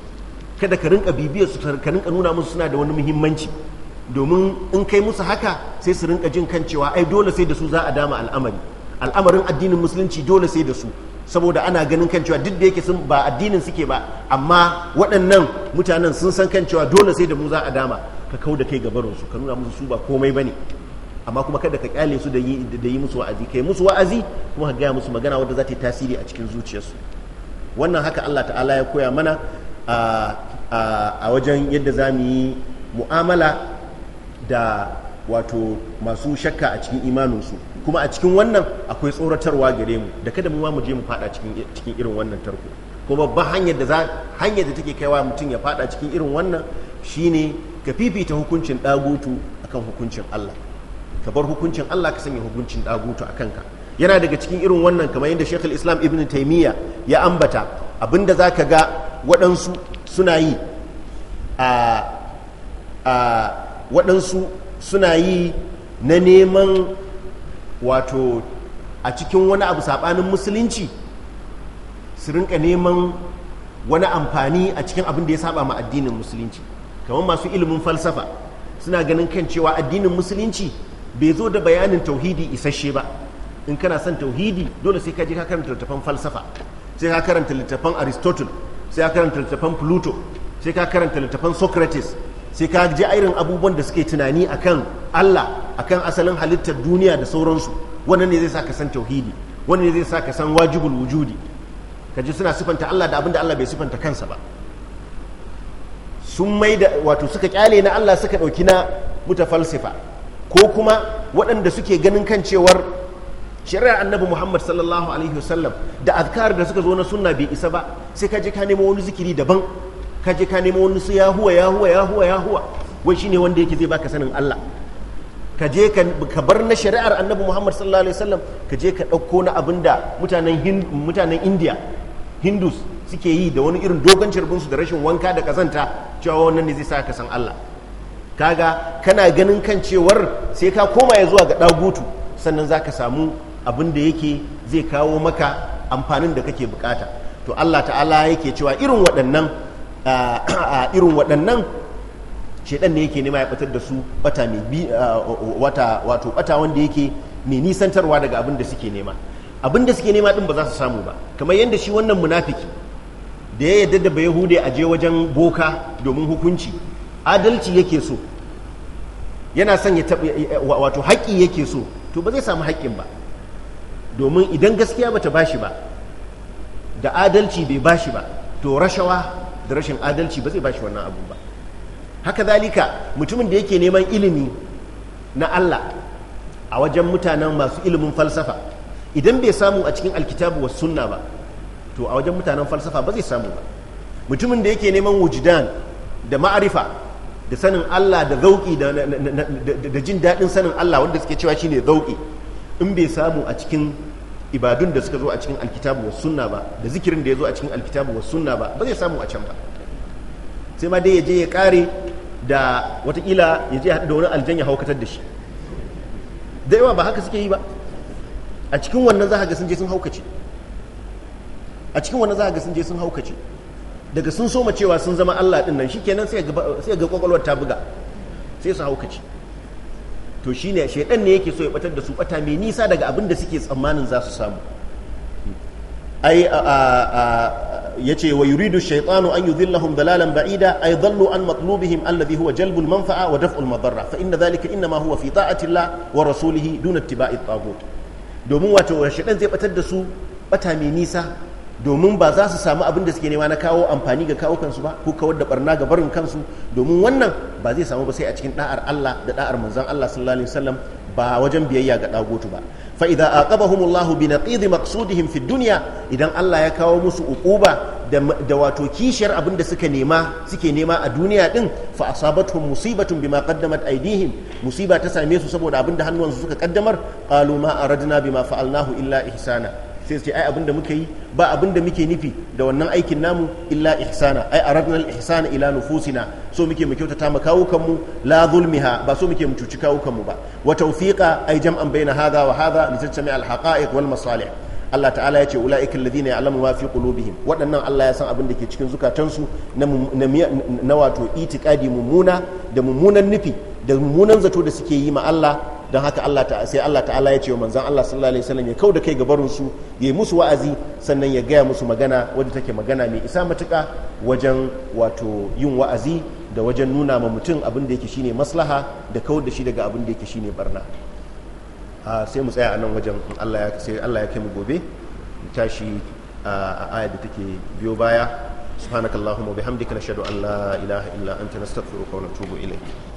kada ka rinka bibiya su ka rinka nuna musu suna da wani muhimmanci domin in kai musu haka sai su rinka jin kan cewa ai dole sai da su za a dama al'amari al'amarin addinin musulunci dole sai da su saboda ana ganin kan cewa duk da yake sun ba addinin suke ba amma waɗannan mutanen sun san kan cewa dole sai da mu za a dama ka kau da kai ga su ka nuna musu su ba komai bane amma kuma kada ka kyale su da yi da yi musu wa'azi kai musu wa'azi kuma ka gaya musu magana wadda za ta yi tasiri a cikin zuciyarsu wannan haka Allah ta'ala ya koya mana a wajen yadda za mu yi mu'amala da wato masu shakka a cikin imaninsu kuma a cikin wannan akwai tsoratarwa gare mu da kada mu ma mu je mu fada cikin cikin irin wannan tarko ko babban hanyar da za hanyar da take kaiwa mutum ya fada cikin irin wannan shine ka fifita hukuncin dagutu akan hukuncin Allah ka bar hukuncin Allah ka sanya hukuncin dagutu akan ka yana daga cikin irin wannan kamar yadda Sheikh Islam Ibn Taymiyyah ya ambata abinda zaka ga waɗansu suna yi a waɗansu suna yi na neman wato a cikin wani abu saɓanin musulunci su rinka neman wani amfani a cikin abin da ya saba ma addinin musulunci kamar masu ilimin falsafa suna ganin kan cewa addinin musulunci bai zo da bayanin tauhidi isasshe ba in kana son tauhidi dole sai ka je ka karanta littafan falsafa sai ka karanta littafan aristotle sai ka karanta littafan pluto sai ka karanta littafan socrates sai ka ji irin abubuwan da suke tunani akan Allah akan asalin halittar duniya da sauransu wannan ne zai sa ka san tauhidi wannan ne zai sa ka san wajibul wujudi ka ji suna sifanta Allah da abin da Allah bai sifanta kansa ba sun mai da wato suka kyale na Allah suka ɗauki na falsifa. ko kuma waɗanda suke ganin kan cewar shari'ar annabi Muhammad sallallahu alaihi wasallam da azkar da suka zo na sunna bai isa ba sai ka je ka nemo wani zikiri daban ka je ka nemo wani su ya huwa ya huwa ya huwa ya wai shine wanda yake zai baka sanin Allah ka je ka bar na shari'ar annabi Muhammad sallallahu alaihi wasallam ka je ka ɗauko na abinda mutanen mutanen indiya Hindus suke yi da wani irin dogon cirbin su da rashin wanka da kazanta cewa wannan ne zai sa ka san Allah kaga kana ganin kan cewar sai ka koma ya zuwa ga dagutu sannan za ka samu abin da yake zai kawo maka amfanin da kake bukata to Allah ta'ala yake cewa irin waɗannan a irin waɗannan shaidan ne yake nema ya fitar da su bata mai wata wato bata wanda yake mai nisantarwa daga abin da suke nema abin da suke nema din ba za su samu ba kamar yadda shi wannan munafiki da ya yadda da bayahude a je wajen boka domin hukunci adalci yake so yana son ya wato haƙƙi yake so to ba zai samu haƙƙin ba domin idan gaskiya bata bashi ba da adalci bai bashi ba to rashawa da rashin adalci ba zai ba shi wannan abu ba haka zalika mutumin da yake neman ilimi na Allah a wajen mutanen masu ilimin falsafa idan bai samu a cikin alkitabu wa sunna ba to a wajen mutanen falsafa ba zai samu ba mutumin da yake neman wujudan da ma'arifa da sanin Allah da zauki da jin daɗin sanin Allah wanda suke cewa shine zauki in bai samu a cikin ibadun da suka zo a cikin alkitabu wa sunna ba da zikirin da ya zo a cikin alkitabu wa sunna ba ba zai samu a can ba sai ma dai ya je ya kare da watakila ya je haɗu da wani aljan ya haukatar da shi da yawa ba haka suke yi ba a cikin wannan za ga sun je sun haukace a cikin wannan za ga sun je sun haukace daga sun soma cewa sun zama Allah din nan shikenan sai sai ga kwakwalwar ta buga sai su haukace to shine shaidan ne yake so ya batar da su bata mai nisa daga abin da suke tsammanin za su samu ai ce wa yuridu shaitanu an yudhillahum dalalan ba'ida ay dhallu an matlubihim alladhi huwa jalbul manfa'a wa daf'ul madarra fa inna dhalika inna ma huwa fi ta'ati wa rasulihi duna ittiba'i taghut domin wato shaidan zai batar da su bata mai nisa domin ba za su samu abin da suke nema na kawo amfani ga kawo kansu ba ko kawar da barna ga barin kansu domin wannan ba zai samu ba sai a cikin da'ar Allah da da'ar manzon Allah sallallahu alaihi wasallam ba wajen biyayya ga ɗagotu ba fa idza aqabahum Allah bi naqid maqsudihim fi dunya idan Allah ya kawo musu uquba da, wato kishiyar abin da suka nema suke nema a duniya din fa asabatuhum musibatun bima qaddamat aydihim musiba ta same su saboda abin da su suka kaddamar qalu ma aradna bima fa'alnahu illa ihsana sai su ce ai muka yi ba abinda muke nufi da wannan aikin namu illa ihsana ai aradnal ihsana ila nufusina so muke mu kyautata ma kawukan mu la zulmiha ba so muke mu cuci kawukan mu ba wa tawfiqa ai jam'an baina hadha wa hadha li tajtami al haqa'iq wal masalih Allah ta'ala ya ce ula'ikal ladina ya'lamu ma fi qulubihim waɗannan Allah ya san abin da ke cikin zukatansu na na wato itikadi mummuna da mummunan nufi da mummunan zato da suke yi ma Allah don haka Allah ta sai Allah ta'ala ya ce wa manzon Allah sallallahu alaihi wasallam ya kau da kai ga barin su ya musu wa'azi sannan ya gaya musu magana wadda take magana mai isa matuka wajen wato yin wa'azi da wajen nuna ma mutum abin da yake shine maslaha da kau da shi daga abin da yake shine barna sai mu tsaya a nan wajen Allah ya sai Allah ya kai mu gobe mu tashi a ayar da take biyo baya subhanakallahumma bihamdika nashhadu an la ilaha illa anta nastaghfiruka wa natubu ilayk